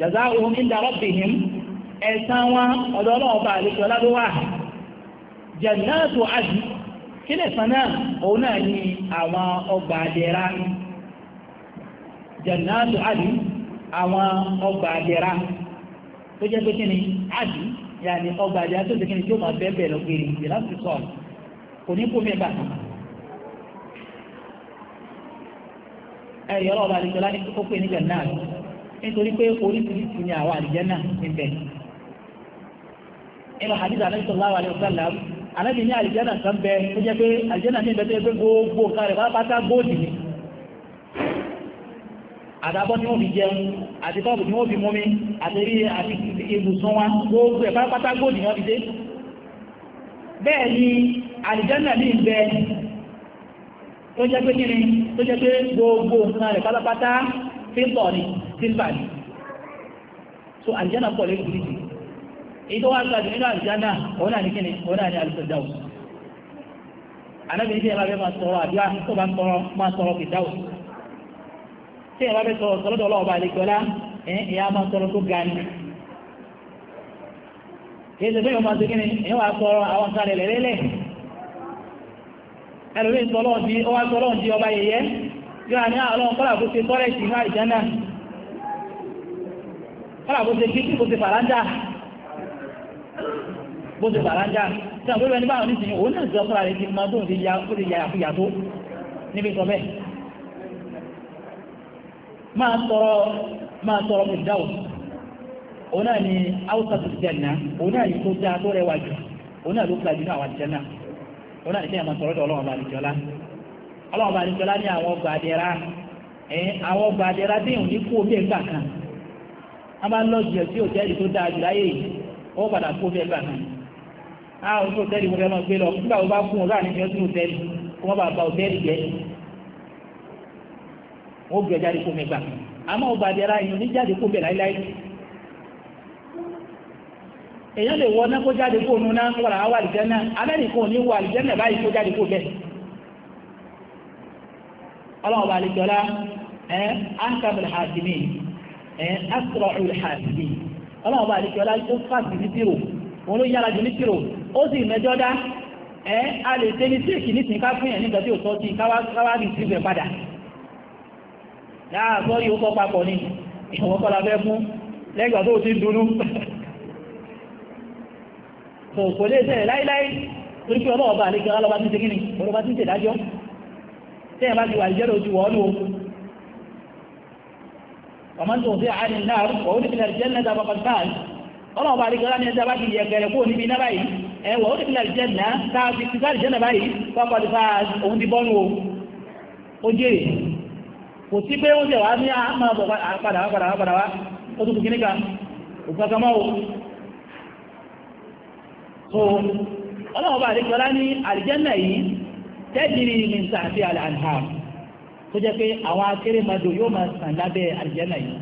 jazaa'uhum inda rabbihim ẹ̀san wọn ọ̀dọ̀ ọlọ́ọ̀bà àlejò ọlọ́dúnwà jannatu adn kí lè san náà òun náà ní àwọn ọgbà àwọn ọgbà tó jẹ́ pé kí ni adn yàní ọgbà àdẹ́ra tó jẹ́ kí ni tí ó máa bẹ́ẹ̀ kò ní kó ẹ̀yọ́ àlejò ọlọ́dúnwà nítorí pé oríṣiríṣi ni àwọn àlìjẹ́nà níbẹ̀ inú hadith alayhi sallallahu alayhi wa sallam alábi ní àlìjẹ́nà kan bẹ tó jẹ́ pé àlìjẹ́nà ní ìbẹ̀tẹ̀ pé gbogbo nǹkan rẹ̀ pátápátá góòdì ni àdàbọ̀ ni wọ́n fi jẹun àti tọ́ọ̀bù ni wọ́n fi mú mi àti rí àti ibùsùn wa gbogbo ẹ̀ pátápátá góòdì ni wọ́n fi dé bẹ́ẹ̀ ni àlìjẹ́nà ní ìbẹ̀ tó jẹ́ pé fílbọ̀ ni so àlìjánà pọ̀ lórí ìdíje èyí tó wá gba jù nínú àlìjánà òun náà ní kíni òun náà ní àlùfẹ́dáwù anábìrin tí ẹ bá fẹ́ máa sọ̀rọ̀ àdúrà tó bá ń sọ̀rọ̀ máa sọ̀rọ̀ fìdáwù tí ẹ bá fẹ́ sọ̀rọ̀ sọ̀rọ̀ dọ̀lọ́ ọba àlejòlá ẹ̀yà máa sọ̀rọ̀ tó ga ni yóò ni, àwọn kọ́lá bó ṣe tọ́lẹ̀tì ní àìjánà kọ́lá bó ṣe kíkí bó ṣe fàráńdà
bó ṣe fàráńdà
tí àwọn olóòrùn báwọn nísìnyí òun náà jọ fúnra rẹ̀ ti mọ bóun ti ya ó ti yàyà fúyà tó níbi sọ bẹ́ẹ̀ máa tọrọ máa tọrọ òun náà ni haúsá tó ti jẹ̀nà òun náà yìí tó dáa tó rẹwà jù òun náà ló gbàjú náà wà jẹ̀nà òun náà ni kí ọlọ́run bá nìjọlá ní àwọn ọgbà àdẹ́rà ẹ̀ àwọn ọgbà àdẹ́rà déyìn ní kó bí ẹgbà kan a máa ń lọ jù ẹ̀ sí òtẹ́ẹ̀lì tó dáa jù láyé yìí ó padà kó bí ẹgbà kan a ò ní òtẹ́ẹ̀lì wọn fẹ́ máa gbé lọ nígbà wo bá kún ọlọ́run àníjọ sí òtẹ́ẹ̀lì kó wọ́n bá ba òtẹ́ẹ̀lì jẹ́ wọ́n gbé jáde kó mẹ́gbà àmọ́ ọgbà àdẹ́rà yìí ní jáde kó bẹ̀ láíláí èèyàn lè wọ náà kó jáde kó nu náà wọ́n ọlọ́wọ́ bá lè jọlá ẹ́ ankabul hasimi ẹ́ asra'ul hasimi ọlọ́wọ́ bá lè jọlá ó fàṣì ní tìrò òun ló yára jù ní tìrò ó sì mẹjọ dá ẹ́ a lè tẹ́ ní tíèkì ní tìǹkà fún yẹn nígbà tí ò sọ sí káwá rí sí ibẹ̀ padà láàbọ̀ yóò kọ́ papọ̀ ni ìwọ̀n kọ́ la fẹ́ fún lẹ́gbàá tó ti dúró kò kò lè sẹ́yìn láíláí torí pé ọlọ́wọ́ bá lọ́ba tí ń ṣe kí tẹ́yìn bá ti wà ìjẹ́rò ojú wọ́n lò ọmọdé òfin àárín náà rúkọ̀ ó ní fìlà ìjẹ́ náà dábàbà báyìí ọlọ́ọ̀bá àríkọ́lá ní ẹjá bá ti yẹ gẹ̀rẹ̀ kó níbi iná báyìí ẹwọ̀ ó ní fìlà ìjẹ́ náà káàkiri ti sáré ìjẹ́ náà báyìí pápá ti fa òun ti bọ́nu o ó jèrè tẹ́jìrì ní sàfí al-anhar tó jẹ́ pé àwọn akérèmọdò yóò máa sàn lábẹ́ àlùjánnà yìí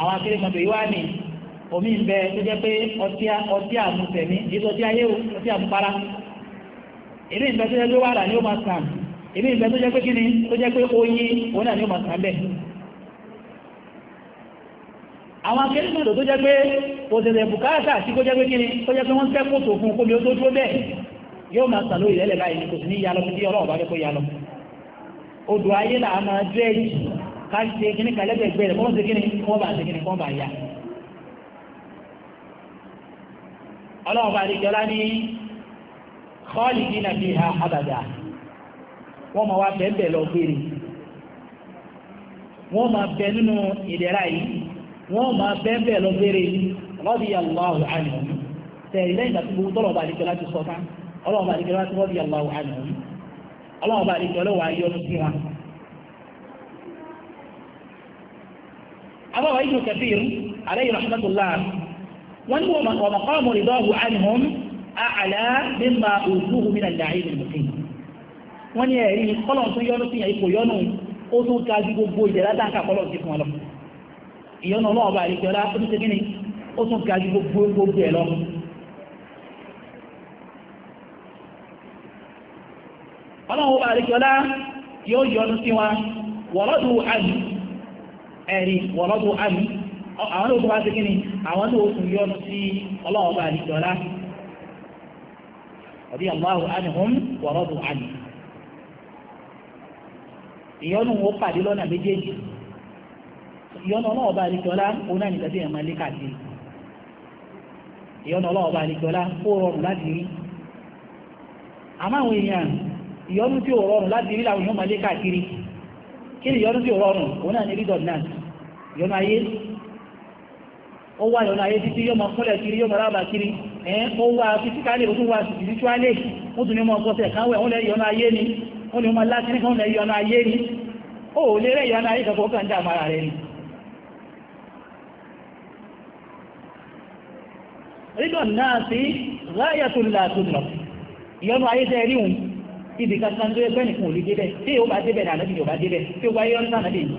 àwọn akérèmọdò yìí wá ní omi ń bẹ tó jẹ́ pé ọtí àmúfẹ̀mí èyí tó ti ayé ọtí àmupara èmi ìgbẹ́ tó jẹ́ pé wàrà ni ó máa sàn èmi ìgbẹ́ tó jẹ́ pé kíni tó jẹ́ pé oyin òun náà ni ó máa sàn bẹ́ẹ̀ àwọn akérèmọdò tó jẹ́ pé kò bùkátà sí kó jẹ́ pé kíni tó jẹ́ pé wọ́n tẹ́ kóòtò fún kómi ó tó dúró bẹ́ẹ̀ yóò máa sàn lórí ìrẹ́lẹ̀ báyìí kò sí ní yálọ bí ọlọ́run bá fẹ́ kó yálọ odò ayé là á máa jẹ́ èyí ká ṣe kíní kan lẹ́gbẹ̀ẹ́gbẹ́ rẹ̀ kọ́mọ́ ṣe kíní kọ́ bá ṣe kíní kọ́ bá yá ọlọ́run bá àdéjọlá ní kọ́ọ̀lì ní nàbí ha abàdà wọ́n máa wá bẹ́ẹ̀ lọ gbére wọ́n máa bẹ nínú ìdẹ̀ra yìí wọ́n máa bẹ́ẹ̀ lọ gbére rọ́bì yàrá wà ní ọ̀hún tẹ̀lé ìgbà tí gbogbo tọ́lọ̀ bá àdéjọlá ti sọ ọlọ́ọ̀bá àdìgbẹ́ wá tí wọ́n di aláwọ̀ àdìgbẹ́ ọlọ́ọ̀bá àdìgbẹ́ ọlọ́wà ayọ́nu sí wa. abáwá ibnu kathir alayhi rahmatullah wọ́n ní wọ́n maqamu ridahu anhum a'la mimma òṣùwò mi nàlẹ́ àyè nìkan wọ́n ní ẹ̀rí kọ́lọ̀ tó yọ́nu sí ipò ọlọ́ọ̀bá àdìgbẹ́ ó tún ṣe kí ó tún ga ju gbogbo ẹ̀ ọlọ́run bá àríkíọlá yóò yọnu sí wọn wọ̀lọ́dù àmì ẹ̀rí wọ̀lọ́dù àmì àwọn olóògùn wá sí kíni àwọn olóògùn yọnu sí ọlọ́run bá àríkíọlá ọdí Allahu anhum wọ̀lọ́dù àmì ìyọnu wo pàdé lọ́nà méjèèjì ìyọnu ọlọ́run bá káàkiri ọlọ́run bá rọrùn láti rí èèyàn ìyọnu tí ó rọrùn láti rí làwọn èèyàn máa lé káàkiri kí ni ìyọnu tí ó rọrùn òun náà ní rídọ̀ náà ìyọnu ayé ó wá ìyọnu ayé títí yóò mọ̀ kúnlẹ̀ kiri yóò mọ̀ rábà kiri ẹ̀ ó wá fisikálẹ̀ ó tún wá ó tún ní ọmọ ìyọnu ayé tẹ́ ibi kankan tó yẹ pẹ́ nìkan ò lè débẹ̀ tí yóò bá débẹ̀ nànàbì yóò bá débẹ̀ tí ó wáyé ọ́nà nànàbì yìí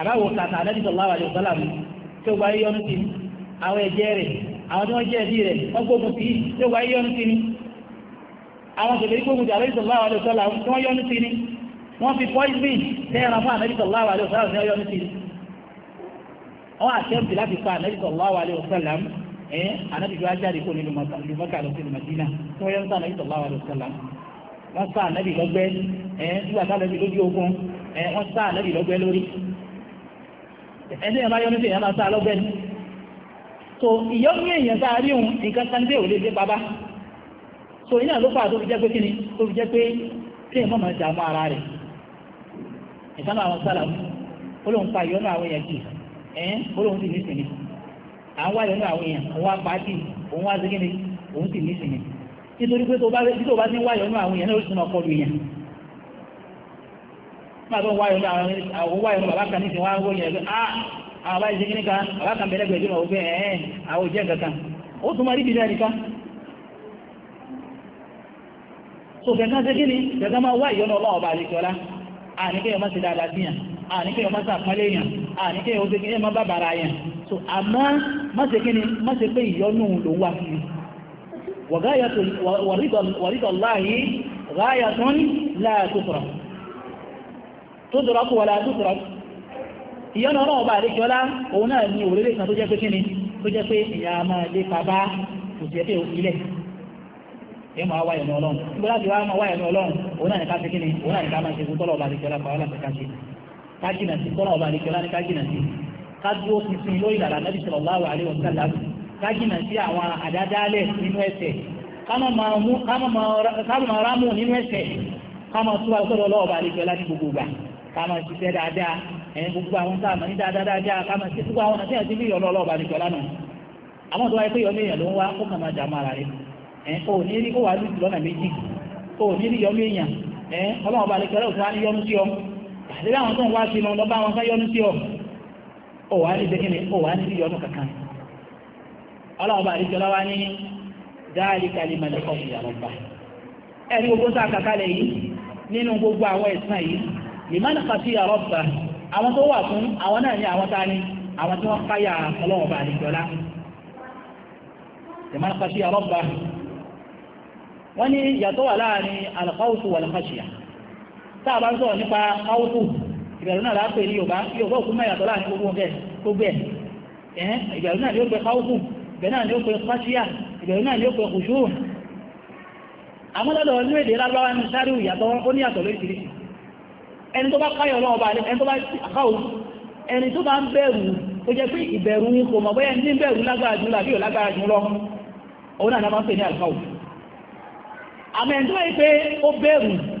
àbáwò kàtà nànàbì sallallahu alaihi wasallam tí ó wáyé ọ́nà sí àwọn ẹ̀jẹ̀ rẹ̀ àwọn tí wọ́n jẹ́ ẹ̀bí rẹ̀ wọ́n gbógun sí tí ó wáyé ọ́nà sí ni àwọn tòbí gbógun sí àlẹ́bí sallallahu alaihi wasallam tí wọ́n yọ́nú sí ni wọ́n fi poison ẹ́ eh, anábì tó ajáde kó ní lùmọ́kà lọ sí lùmọ́dínà tó yẹ ń sá anábì sallallahu alaihi wasallam wọ́n sá anábì lọ́gbẹ́ ẹ́ eh, nígbà tá anábì lójú ogun ẹ́ eh, wọ́n sá anábì lọ́gbẹ́ lórí ẹni ẹ̀ máa yọ nípa èèyàn máa sá ni so ìyọ́nú èèyàn tá a rí òun nǹkan kan dé òde dé bàbá so iná ló fà tó fi jẹ́ pé kíni tó fi jẹ́ pé kéèyàn mọ̀ máa dààmú ara rẹ̀ ìtàn àwọn sálàmù ó lóun pa ìyọ́nú àwọn èèyàn jù ẹ́ ó sì ní sinmi à ń wá ìrẹ́nu àwọn èèyàn òun wá pàtì òun wá sígínì òun sì ní ìsinmi nítorí pé tó bá ti ń wá ìrẹ́nu àwọn èèyàn náà ó sì máa kọlu èèyàn máa tó ń wá ìrẹ́nu àwọn bàbá kan àníkẹ́ ọmọ sàpálẹ̀ èèyàn àníkẹ́ ọmọ sẹ́kẹ́ ẹmọ bàbàrà èèyàn so àmọ́ mọ́sẹ̀kẹ́ ni mọ́sẹ̀ pé ìyọ́nù ló wà fún wàrídọ̀ láàyè ráyà tó ń láàtúfọ̀rọ̀ tó dọ̀rọ̀ kó wà láàtúfọ̀rọ̀ ìyọ́nù ọlọ́wọ́ bá àríkíọ́lá òun ọlọ́run nígbà wá máa wáyẹ̀ ọlọ́run òun náà ní ká fi kíni òun náà ní máa ṣe fún tọ́lọ̀ bá àríkíọ́lá pàwọ́lá pẹ̀ká ṣe kájìnà sí tọ́lá ọba àdìkẹ́lá ní kájìnà sí kájúwó tuntun lórí ìlànà nàbì sallallahu alaihi wasallam kájìnà sí àwọn àdádálẹ̀ nínú ẹ̀ṣẹ̀ kámọ̀ máa rámù nínú ẹ̀ṣẹ̀ kámọ̀ tó wà sọ́dọ̀ ọlọ́ọ̀bà àdìkẹ́lá ní gbogbo gbogbo àwọn tá a mọ̀ ní dáadáa kámọ̀ ṣe àdébí àwọn tó ń wá sí lọ lọ bá wọn sá yọnu sí ọ ò wá ní ìdẹ́kẹ́ni ò wá ní ìyọnu kankan ọlọ́wọ́ bá àdéjọ́ lọ́wọ́ ní dáàlì kalẹ̀ mẹ́lẹ́kọ́ ẹni gbogbo wọ́n fáyà ìyàtọ̀ wà láàrin alqawsu wal khashya tá a bá ń sọ̀rọ̀ nípa áwùtù ìgbàlú náà lápè ní yorùbá yorùbá òkú mẹ́rin àtọ́lá gbogbo ọ̀gẹ́ gbogbo ẹ̀ ẹ̀hẹ́n ìgbàlú náà ni ó pe áwùtù ìgbàlú náà ni ó pe kásíà ìgbàlú náà ni ó pe kùsù àmọ́lọ́dọ̀ ní èdè lábáwá ní sáríù ìyàtọ̀ ó ní àtọ̀ lóríṣiríṣi ẹni tó bá káyọ̀ náà ọba ẹni tó bá káwù ẹni tó bá ń bẹ̀rù tó jẹ́ pé ìbẹ̀rù ní kò mọ̀ bóyá ní bẹ̀rù lágbára jù lọ àbí ò lágbára jù lọ òun náà máa ń pè ní àlùkáwù àmọ́ ẹni tó bá yẹ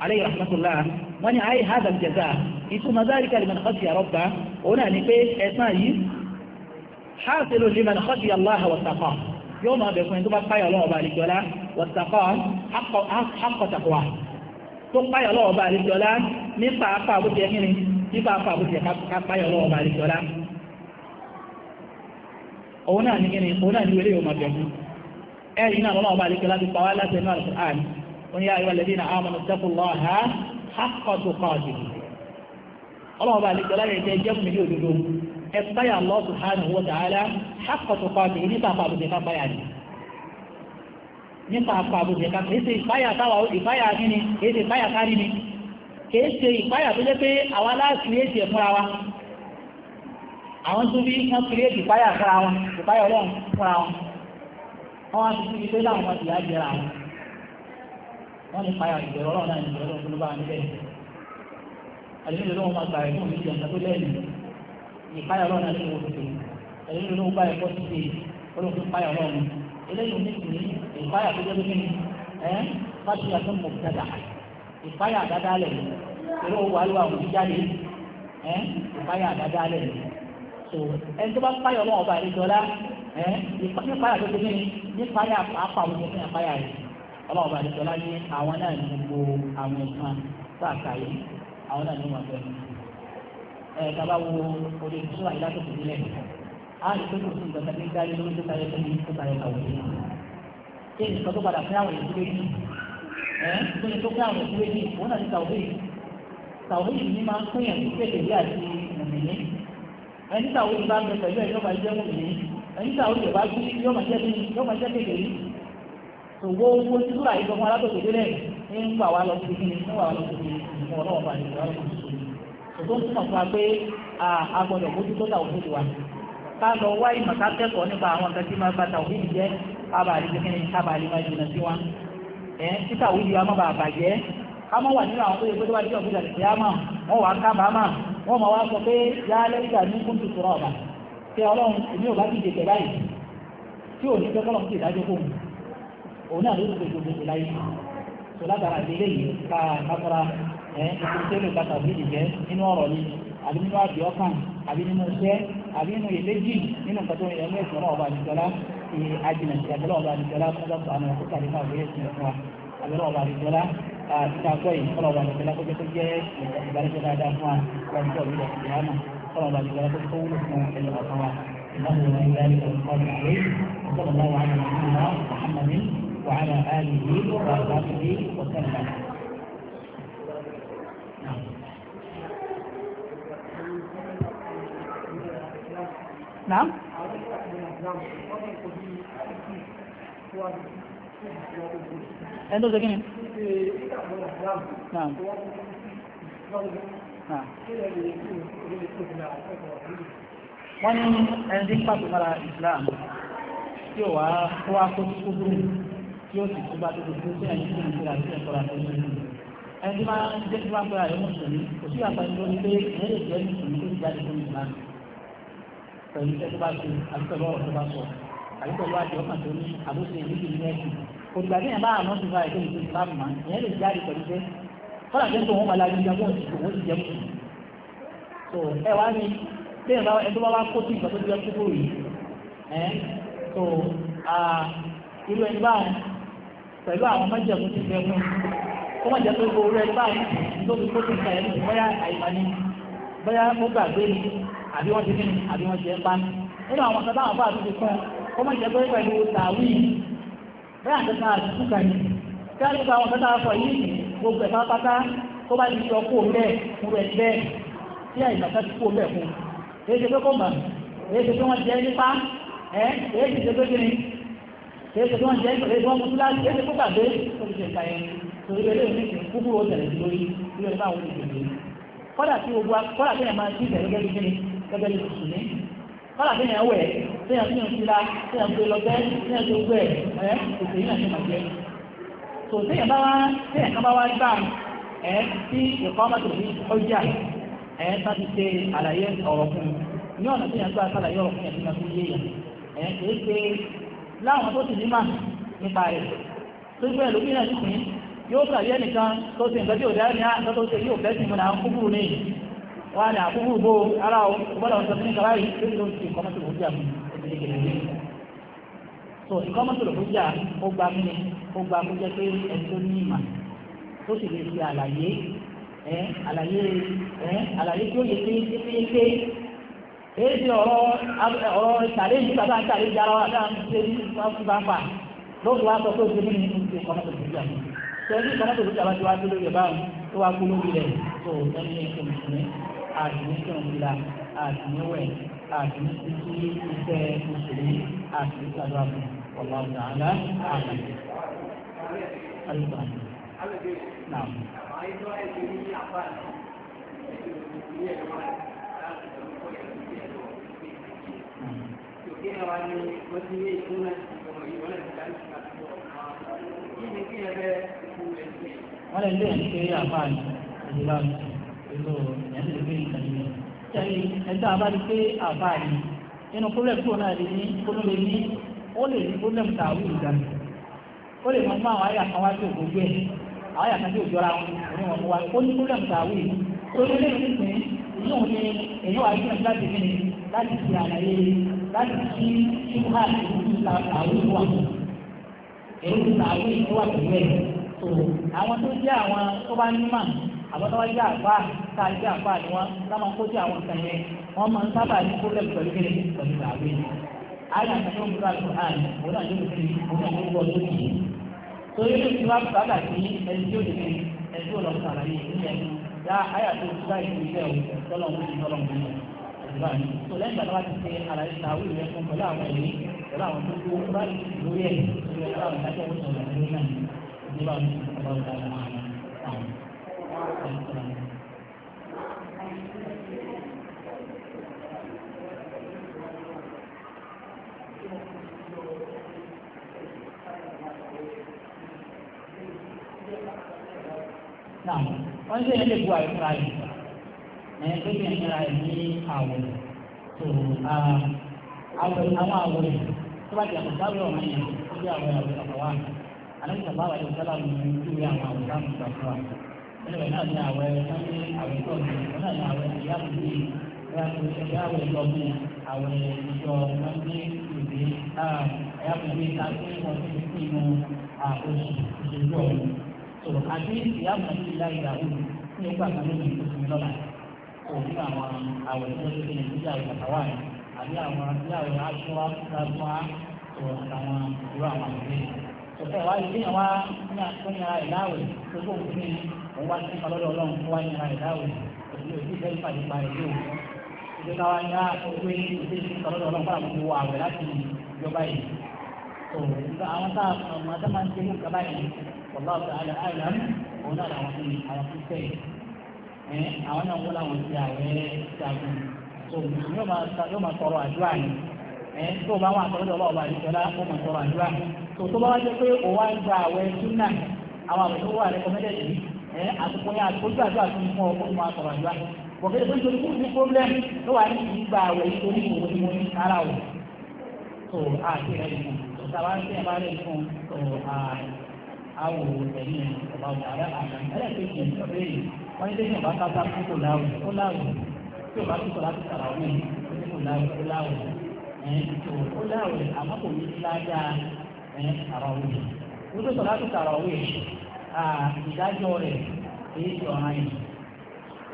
عليه رحمة الله wọ́n ni àyè hádà jẹ́zà ìtumọ̀ záríkà lè mẹ́nàkọ́sí àrọ́bà òun náà ni pé ẹ̀sán yìí hásìlò lè mẹ́nàkọ́sí aláhà wàtàkọ́ yóò máa bẹ̀ fún ẹni tó bá páyà lọ́wọ́ bá àlejòlá wàtàkọ́ akọ̀tàkọ́ tó páyà lọ́wọ́ bá àlejòlá nípa apá àbújẹ kíni nípa apá àbújẹ ká páyà lọ́wọ́ bá àlejòlá òun náà ni kíni òun náà ni wẹ́lẹ́ yóò máa bẹ̀ fún ẹ̀yìn náà lọ́wọ́ bá àlejòlá ti pa wá láti ẹnu àlùkò wọ́n yá ayọ́ na amanu taqullaha haqqa tuqatih ọlọ́wọ́ bá lè tọ́lá yẹn jẹ́ fún mi ní òdodo ẹ báyà Allah subhanahu wa ta'ala haqqa tuqatih nípa àpàbùdé ká báyà ni nípa àpàbùdé ká ìpáyà tó jẹ́ pé wa àwọn tó bí wọ́n ìpáyà fúnra wọn ìpáyà ọlọ́run fúnra wọn wọ́n wá sí ibi tó wọ́n ní payà ìbẹ̀rẹ̀ ọlọ́run náà ìbẹ̀rẹ̀ ọlọ́run tó bá wà níbẹ̀ àdínlẹ̀ lọ́wọ́ máa gbà ẹ̀ fún ìdíje ọ̀nà tó lẹ́yìn ìpayà ọlọ́run náà ní wo tètè àdínlẹ̀ lọ́wọ́ bá ẹ̀kọ́ ti dé ọlọ́run tó payà ọlọ́run eléyìí ní kìíní ìpayà tó jẹ́ pé ẹ́ fásitì àti mọ̀ dada ìpayà dáadáa lẹ̀ eré owó alúwa àwọn jíjáde ẹ́ ìpayà dáadáa lẹ̀ so ẹni tó bá payà ọlọ́run ọba àdéjọ́lá ẹ́ nípayà tó jẹ́ pé nípayà pàápàá àwọn ọmọ ọlọ́ọ̀bá àdìsọ́lá ní àwọn náà ní gbogbo àwọn nǹkan sáàkà àwọn náà ní wọn fẹ́ ẹ tàbá wo orí ìṣúra yìí látòkù sílẹ̀ á lè tó kùsùn ìjọba tí ń dárí lórí tó tayọ tóbi tó tayọ kàwé yìí ṣé nǹkan tó padà fún àwọn èsì méjì
ẹ tó ní tó fún àwọn èsì
méjì òun náà ní kàwé yìí kàwé yìí ní máa ń pínyà sí pé èyí àti mùmìnì ẹni kàwé yìí bá ń bẹ pẹ̀lú ẹ̀ yóò máa jẹ́ mùmìnì ẹni kàwé yìí bá gbé yóò máa jẹ́ kékeré ògbó owó tí túrà yìí gbọmọ alágbègbè délẹ̀ ń gbà wá lọ sí kíni ń wà wá lọ sí kíni ìfún ọlọ́wọ́ bá ní ìwà lọ́wọ́ tó tó ń túmọ̀ fún wa pé a bójú tó òfin wa ká lọ wá ìmọ̀ ká kẹ́kọ̀ọ́ nípa àwọn nǹkan tí máa bá òfin jẹ́ rí rí máa jìnà sí wa ẹ̀ òfin wa má bàa bàjẹ́ ká mọ̀ wà nínú àwọn pé ọ̀gbìn àti òun náà ló ti gbogbo gbogbo láyé tó látara ìdílé yìí ká kására ẹ ìpínlẹ̀ ìgbàta òbí ìjẹ́ nínú ọ̀rọ̀ ni àbí nínú àbí ọkàn àbí nínú iṣẹ́ àbí nínú ìlẹ́jì nínú nǹkan tó ń yẹ mẹ́sàn-án náà ọba àdìsọ́lá àjìnà ìjàgbọ́lọ́ ọba àdìsọ́lá fúnjọ́ sànù ọkọ̀ àdìsọ́ àgbẹ̀yẹ sí fún wa ọba àdìsọ́lá àti fún wa lọ́jọ́ ìbílẹ̀ ìyáàmà kọ́lọ̀ ọba àdìsọ́lá
kó tó wúlò fún ẹni ọ̀kan wa ìbáraṣẹ́ dáadáa وعلى آله وصحبه وسلم نعم ẹ̀ndọ́ ṣe gíní náà wọ́n ní ẹni
tí pàtàkì mara Islam tí ó wà tó wá kó kúrú tí ó sì tó bá tó tó tó ẹni tó ń tóra tó ń tóra tó ń tóra ẹni tí máa ń jẹ́ tí máa ń tóra rẹ̀ mùsùlùmí kò sí àpẹẹrẹ lórí pé ẹni lè jẹ́ mùsùlùmí tó ti jáde fún ìsìlá pẹ̀lú iṣẹ́ tó bá ṣe àbíkọ̀lù ọ̀rọ̀ tó bá sọ àbíkọ̀lù àti ọkàn tó ní àbúṣe ìdíje ní ẹ̀sìn kò gbà bí yẹn bá àmọ́ ti fa ètò ìṣe ìsìlámù mọ́ ìyẹn lè jáde pẹ̀lú pé kọ́lá jẹ́ tó wọ́n máa lajú jẹ́ wọ́n ti kò wọ́n ti jẹ́ mùsùlùmí so ẹ wá ní bí yẹn bá ẹni tó bá wá kó sí ìgbà tó ti jẹ́ kúkúrú yìí ẹ́ so irú ẹni báwọn pẹ̀lú àwọn májẹ̀mú ti fẹ́ mú kó má jẹ́ pé owó ẹ bá ń tó kó ti ka ẹni bóyá àyíká ni bóyá ó gbàgbé ni àbí wọ́n ti kíni àbí wọ́n ti ẹ pa nínú àwọn kan táwọn bá a ti fún kó má jẹ́ pé pẹ̀lú tàwí bóyá àti kan àti kúkà ni kí wọ́n ti gba àwọn kan táwọn sọ yìí gbogbo ẹ̀ka pátá kó bá ti sọ kó bẹ́ẹ̀ kó rẹ̀ bẹ́ẹ̀ tí àyíká ká ti kó bẹ́ẹ̀ fún èyí ti pé kó mọ̀ èyí ti pé wọ́n ti ẹ kéèké tó ń jẹ́ ìgbàlẹ̀ tó ń mú síláàsì kéèké tó gbàgbé ó ti ṣe ìka yẹn torí ilé ìwé ìṣẹ̀ kúkú ó tẹ̀lé sí lórí ilé ìwé àwọn olùdíje kọ́dà tí gbogbo kọ́dà tí yẹn máa ti tẹ̀lé gẹ́gẹ́ bí gẹ́gẹ́ bí mùsùlùmí kọ́dà tí yẹn wẹ̀ tí yẹn fihàn síla tí yẹn gbé lọ́gbẹ́ tí yẹn tó gbẹ ẹ̀ òkè yìí náà ti máa jẹ́ tò tí yẹn bá wá tí yẹn kan bá wá gbà ẹ̀ tí ìkọ́ ọmọ tòbí ọjà ẹ̀ bá ti ṣe àlàyé ọ̀rọ̀ fún un ní ọ̀nà tí yẹn gbà sálàyé ọ̀rọ̀ fún yẹn tí yẹn fi yé yẹn ẹ̀ kéèké láwọn tó sì nímà nípa rẹ̀ tó gbẹ́ lómi náà nìkún yóò kàrí ẹnìkan tó sì nǹkan tí ò dáa ní àtọ́tọ́ sí yóò bẹ́sìn mú náà kúkúrú ní wà ní àkúkú bó ara ò gbọ́dọ̀ sọ sí nípa báyìí tó ló ń ti èyí ti ọ̀rọ̀ ọ̀rọ̀ ìtàlẹ́ yìí bàbá ìtàlẹ́ yìí ara wa náà ṣe ní ìfúnfà lóògùn wa sọ pé òṣèlú ní ìṣe ìkọ́mọ́tò ìjọba tẹ̀lé ìkọ́mọ́tò ìjọba ti wá sí lórí ẹ̀bá
wọ́n lè lé ẹ̀ pé àfáàní ìjọba ìlú ẹ̀sìn ìgbé ìtàlẹ́ tẹ́lẹ̀ ẹ̀dá àbárí
pé àfáàní inú problem tó náà lè ní kó ló lè ní ó lè ní problem tààwí ìgbà ó lè mọ̀ fún àwọn àyà kan wá sí òkú gbé àwọn àyà kan sí òjọra wọn òun wọn wá ó ní problem tààwí tó lè ní ìpín èyí òun ni èyí wà ní ọjọ́ láti fi láti fi àlàyé láti fi ṣúgbà ìlú ta àwọn ìlú wà
èyí ti ta àwọn ìlú wà pẹ̀lú ẹ̀ tó
àwọn tó jẹ́ àwọn tó bá ní mà àwọn tó bá jẹ́ àgbà tá a jẹ́ àgbà ni wọ́n sábà kó jẹ́ àwọn nǹkan yẹn wọ́n máa ń sábà ní problem pẹ̀lú kí pẹ̀lú àwọn ìlú àyà àti ìlú àti ọ̀hán òun náà yóò fi òun náà yóò wọ́n torí ó ti wá Ya, àyà tó ń bá ìlú iṣẹ́ o tọ́lọ̀ ń fi tọ́lọ̀ ń bí ìgbà ní. tó lẹ́yìn ìgbà tó bá ti ṣe àlàyé ta àwọn ìwé fún pẹ̀lú àwọn ìwé pẹ̀lú àwọn tó kó ráàlì lórí wọ́n ní sẹ́yìn lè bu àyè fúnra rẹ̀ ẹ̀yìn tó yẹ fúnra rẹ̀ ní àwọ̀ tó àwọn àwọ̀ rẹ̀ tó bá ti àpò sáré ọ̀rọ̀ yẹn tó
bí àwọ̀ àwọ̀ àwọ̀ wa àlejò bá wà lóṣù sálà ní ìdúwé àwọn àwọ̀ sáà mùsà fún wa ẹlẹ́wẹ̀ náà ní àwọ̀ ẹ̀ wọ́n ní àwọ̀ tó ní wọ́n náà ní àwọ̀ ìyá mi ní ẹgbẹ́ àwọ̀ ìjọ mi àwọ̀ ìjọ wọn ní ìdè ẹ̀yà mi ní ká sí
wọn sí inú àkóso ìṣèlú ọ̀hún tó àti ìyá màdí ìlà ìyàwó ní ìgbà kan ló ní ìtòsí lọ́la kò ní àwọn àwẹ̀ tó ń ṣe ìdílé àwẹ̀ àtàwà rẹ̀ àbí àwọn ilé àwẹ̀ aṣọ́wá gbàgbọ́n tó àtàwọn irú àwọn àwẹ̀ tòkẹ́ wá ilé yẹn wá ní àtúnyàrá ìdáwẹ̀ tó kó òun ní òun wá sí ìpàlọ́dọ̀ ọlọ́run tó wá yẹra ìdáwẹ̀ òun ò sí fẹ́ ìpàdé pa ìlú òun ìjọba wa ní àkókò yìí kò sí ìpàlọ́dọ̀ ọlọ́run fún àwọn owó àwẹ̀ láti ìjọba yìí tó àwọn táwọn ọmọ ọ̀la ọ̀tà àlẹ́ àìlám òun náà làwọn ti àwọn ti sẹ́yìn ẹ àwọn náà wọ́n làwọn ti àwẹ́ ṣàgùn tó yóò máa tọrọ àdúrà ni ẹ tó bá wọn àtọ́jọ́ ọlọ́wọ́ bá àdìsọ́lá ó máa tọrọ àdúrà tó tó bá wá jẹ́ pé òun á gba àwẹ́ súnà àwọn àwẹ̀ tó wà rẹ́kọ́mẹ́dẹ̀ yìí ẹ àtúkọ yẹn àtúkọ àdúrà tó ń fún ọ kó máa tọrọ àdúrà bọ̀kẹ́lẹ́ pé nítorí fún pọ́blẹ́mù ló wà ní ìgbà àwẹ̀ nítorí òun ni mo ní kára o
tó àti rẹ̀ nìkan
tó sábà ń tẹ́ ẹ bá rẹ̀ nìkan tó ààrẹ àwò ẹ̀yìn ọ̀bá ọ̀tàrà àmọ́ ẹlẹ́kẹ̀ẹ́jì ìjọbẹ̀rẹ̀ wọ́n ní lẹ́yìn ọ̀bá kápá kókò láwò ó láwò tí ọ̀bá kókò láti sàrà wí kókò láwò ó láwò ẹ̀yìn tó ó láwò àmọ́ kò ní láyà ẹ̀yìn sàrà wí. wọ́n tó sọ láti sàrà wí ìdájọ́ rẹ̀ èyí ti ọ̀rá yẹn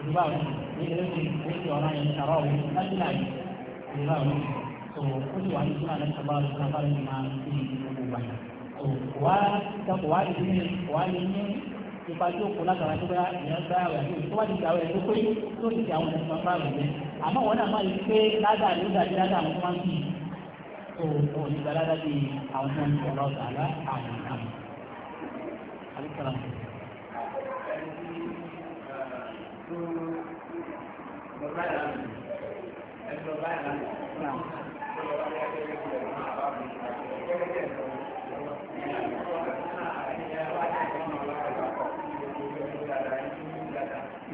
ìdúbà wọn èyí ti ọ̀rá yẹn sàrà wí láti láyè ìdúbà wọn tó ó sì wà ní sọ́nà wà ìtàkùn wà lè ní wà lè ní ipa tí ó kó látara tó bá ìyẹn bá rẹ̀ ní tó bá ti gbà rẹ̀ tó pé tó ti ti àwọn ẹ̀sìn bá rẹ̀ jẹ́ àmọ́ wọn náà má lè pé ládàá ló dàbí ládàá àwọn tó máa ń bì tó ní gba ládàá bí àwọn tó ń bọ̀
lọ́sà àlá àwọn àmì. Alukala. Bàbá yàrá mi, ẹ bàbá yàrá mi, náà.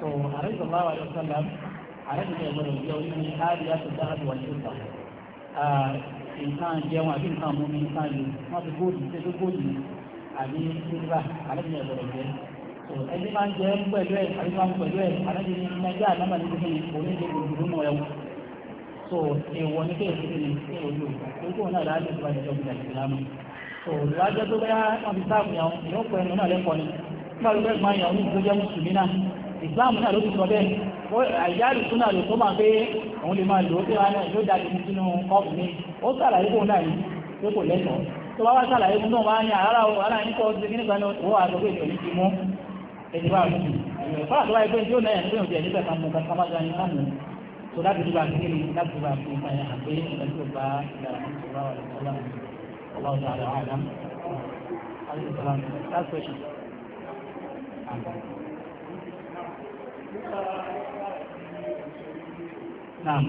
to àrẹ́sì ọ̀la wa yóò sọ́la àrẹ́sì ọ̀la ìgbọ́dọ̀ jẹ́ orí ní káàdì láti dá àti wàjú ìgbà nǹkan jẹun àbí nǹkan mú mi nǹkan lò wọ́n ti góòlù ṣe tó góòlù àbí sílvà àrẹ́sì ọ̀la ìgbọ́dọ̀ jẹ́ ẹni máa ń jẹ pẹ̀lú ẹ̀ àbí máa ń pẹ̀lú ẹ̀ àrẹ́sì nàìjíríà nọ́mbà ní kíkẹ́ oníṣẹ́ gbogbo mọ́ ẹ̀ so èèwọ̀ ní kéèké ní ojú ojú náà láti ìgbà ìjọba ìsìlámù so ìwájẹ́ tó bẹ́yà wọn fi sáàpù yàn yóò pẹ̀lú náà lẹ́kọ̀ọ́ ni nígbà tó bẹ́ẹ̀ máa ìgbójẹ́ mùsùlùmí náà ìsìláàmù náà ló ti sọ bẹ́ẹ̀ àìjáàlù tún náà ló tó máa pé òun lè máa lò ó pé wọn náà yóò jáde ní sínú kọ́ọ̀bù mi ó sàlàyé fóun náà yìí pé kò lẹ́tọ̀ọ́ tó bá wá sàlàyé fún náà wá ní àrárá o ara yín kọ́ ṣe nígbà náà ó wà sọ pé ìtòlí ti mú ẹni bá mú fún àtúwá ẹgbẹ́ tí ó náà ẹni pé òun ti ẹni bẹ̀ẹ̀ mú kankan máa jáde náà mú tó láti dúró àkíkiri
láti dúró àkíkiri fún ẹ̀yà pé ìgbà tí ó bá ìgbàlá Thank you. Naam.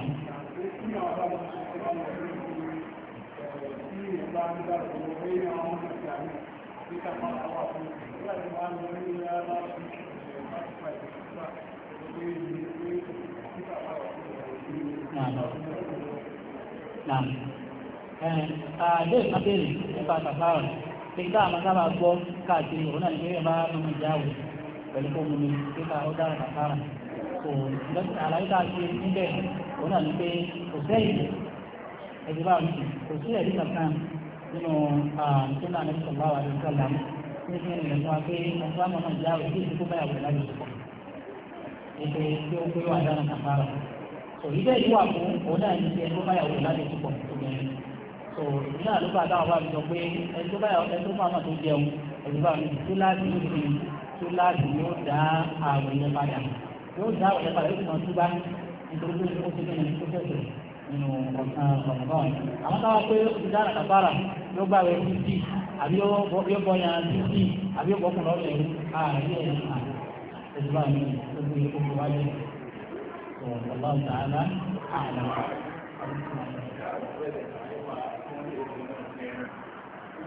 Naam. Àdé ìpàdé nípa
tàbárò, pé ká àmọ́ sábà gbọ́ káàkiri òun náà ní ẹ bá mú ìjáwó pẹ̀lú kó mumi pípa ó dára kàkàrà kò lọ́sìn àlàyé tá a ṣe níbẹ̀ òun náà ní pé kò sẹ́yìn ẹ̀jẹ̀ bá mi kò sí ẹ̀rí kankan nínú àtúnlá ní sọ̀rọ̀ àwọn àti sọ̀rọ̀ àmì ní kí ẹnìyàn fún wa pé ọ̀sán àmọ́ náà jáwé kí ìdíkó bá yàwó láyé sọ̀rọ̀ ètò tí ó pé wà dára kàkàrà kò yí bẹ́ẹ̀ wà fún òun náà ní ẹni tó bá yàwó láyé sọ̀rọ̀ obìnrin so èyí náà ló bá dáhùn bá mi sọ pé ẹni tó bá yàwó ẹni bá àmọ́ tó jẹun ẹ̀jẹ̀ bá mi tó láti ní tó láti yóò dá àwọn ẹ̀yẹ padà yóò dá àwọn ẹ̀yẹ padà yóò tún túbá nítorí pé ó ti gbẹ̀yìn tó fẹ̀sẹ̀ nínú ọ̀sán ọ̀gbọ̀n. àwọn táwọn pé ó ti dára kàfàrà yóò gbà wẹ̀ títí àbí yóò bọ̀ yan títí àbí yóò bọ̀kùn lọ́rẹ̀ ẹ̀rú ààrẹ ẹ̀rú
ẹ̀dùbà mi tó gbé gbogbo wáyé ọ̀gbọ̀n tààlà ààrẹ.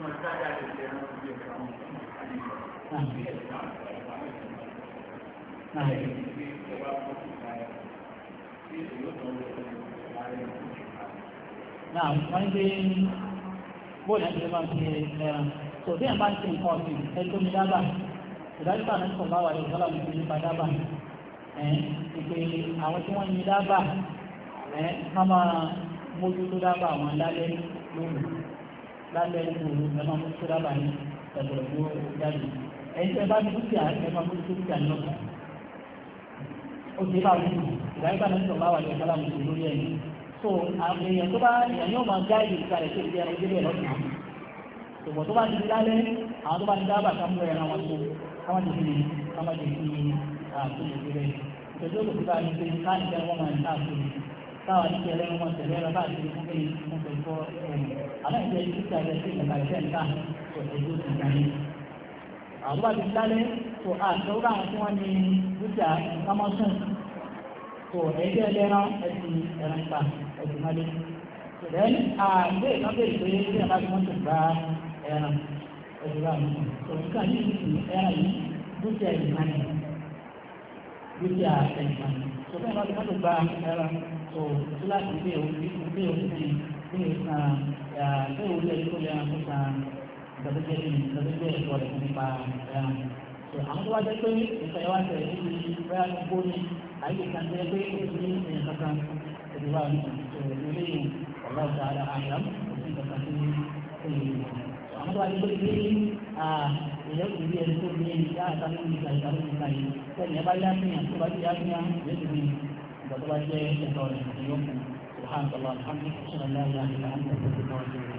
Thank you náà wọ́n gbé bóòlù ẹ̀jẹ̀ máa fi
ẹran tó eh, bí ẹ̀ máa ń ṣe nǹkan ọ̀sìn ẹjọ́ mi dábà ìdájọ́ bá náà sọ̀rọ̀ àwọn ìṣọ́lá mi fi nípa dábà ẹ̀ eh, ìpè àwọn tí wọ́n yin dábà ẹ̀ eh, ká máa mójú tó dábà wọn lálẹ́ lóru lálẹ́ lóru ẹ̀ máa mójú tó dábà ní ẹ̀gbọ̀rọ̀ gbó jáde ẹ̀yìn tẹ́ bá ní dúkìá ẹ̀ máa mójú tó dúkìá náà ó ti bá wù ìdájọ́ náà sọ̀rọ̀ àwọn àti ọ̀sán àmì lórí ẹ̀yìn so àwọn èèyàn tó bá èèyàn yóò máa gáàdì ìgbà rẹ̀ tó ti ẹran ojú bẹ́ẹ̀ lọ́sàn ṣùgbọ́n tó bá ti lálẹ́ àwọn tó bá ti dábàá ká mú ẹran wọn tó káwọn ti fi káwọn ti fi àtúnṣe ìgbẹ́ ìtọ́jú òkú bá ní pé káàdì tẹ́ wọ́n máa ń káàkiri táwa ní kẹlẹ́ ń wọ́n tẹ̀lé ọlọ́ba àti ìlú fún fún fún fún fún fún àlẹ́ ìjẹ́ ìdíkà rẹ̀ àwọn bá ti dálẹ́ tó àtẹ́wọ́ àwọn tí wọ́n ní dúkìá kámọ́sùn tó ẹ̀jẹ̀ ẹlẹ́ran ẹ̀sìn ẹ̀rìn pa ẹ̀sìn mọ́lẹ́. then àgbé ìkọ́bẹ̀ ìpè tí a bá ti wọ́n ti gba
ẹran ẹ̀sìn bá mi tó nǹkan yìí ti ẹran yìí dúkìá ẹ̀sìn mọ́lẹ́ dúkìá ẹ̀sìn mọ́lẹ́ tó fẹ́ẹ́ bá ti wọ́n ti gba ẹran tó kíláàsì ilé òun ilé òun
ìtọ́jẹ́ ìtọ́jẹ́ ní سبحانك اللهم وبحمدك
اشهد ان لا اله الا انت استغفرك واتوب اليك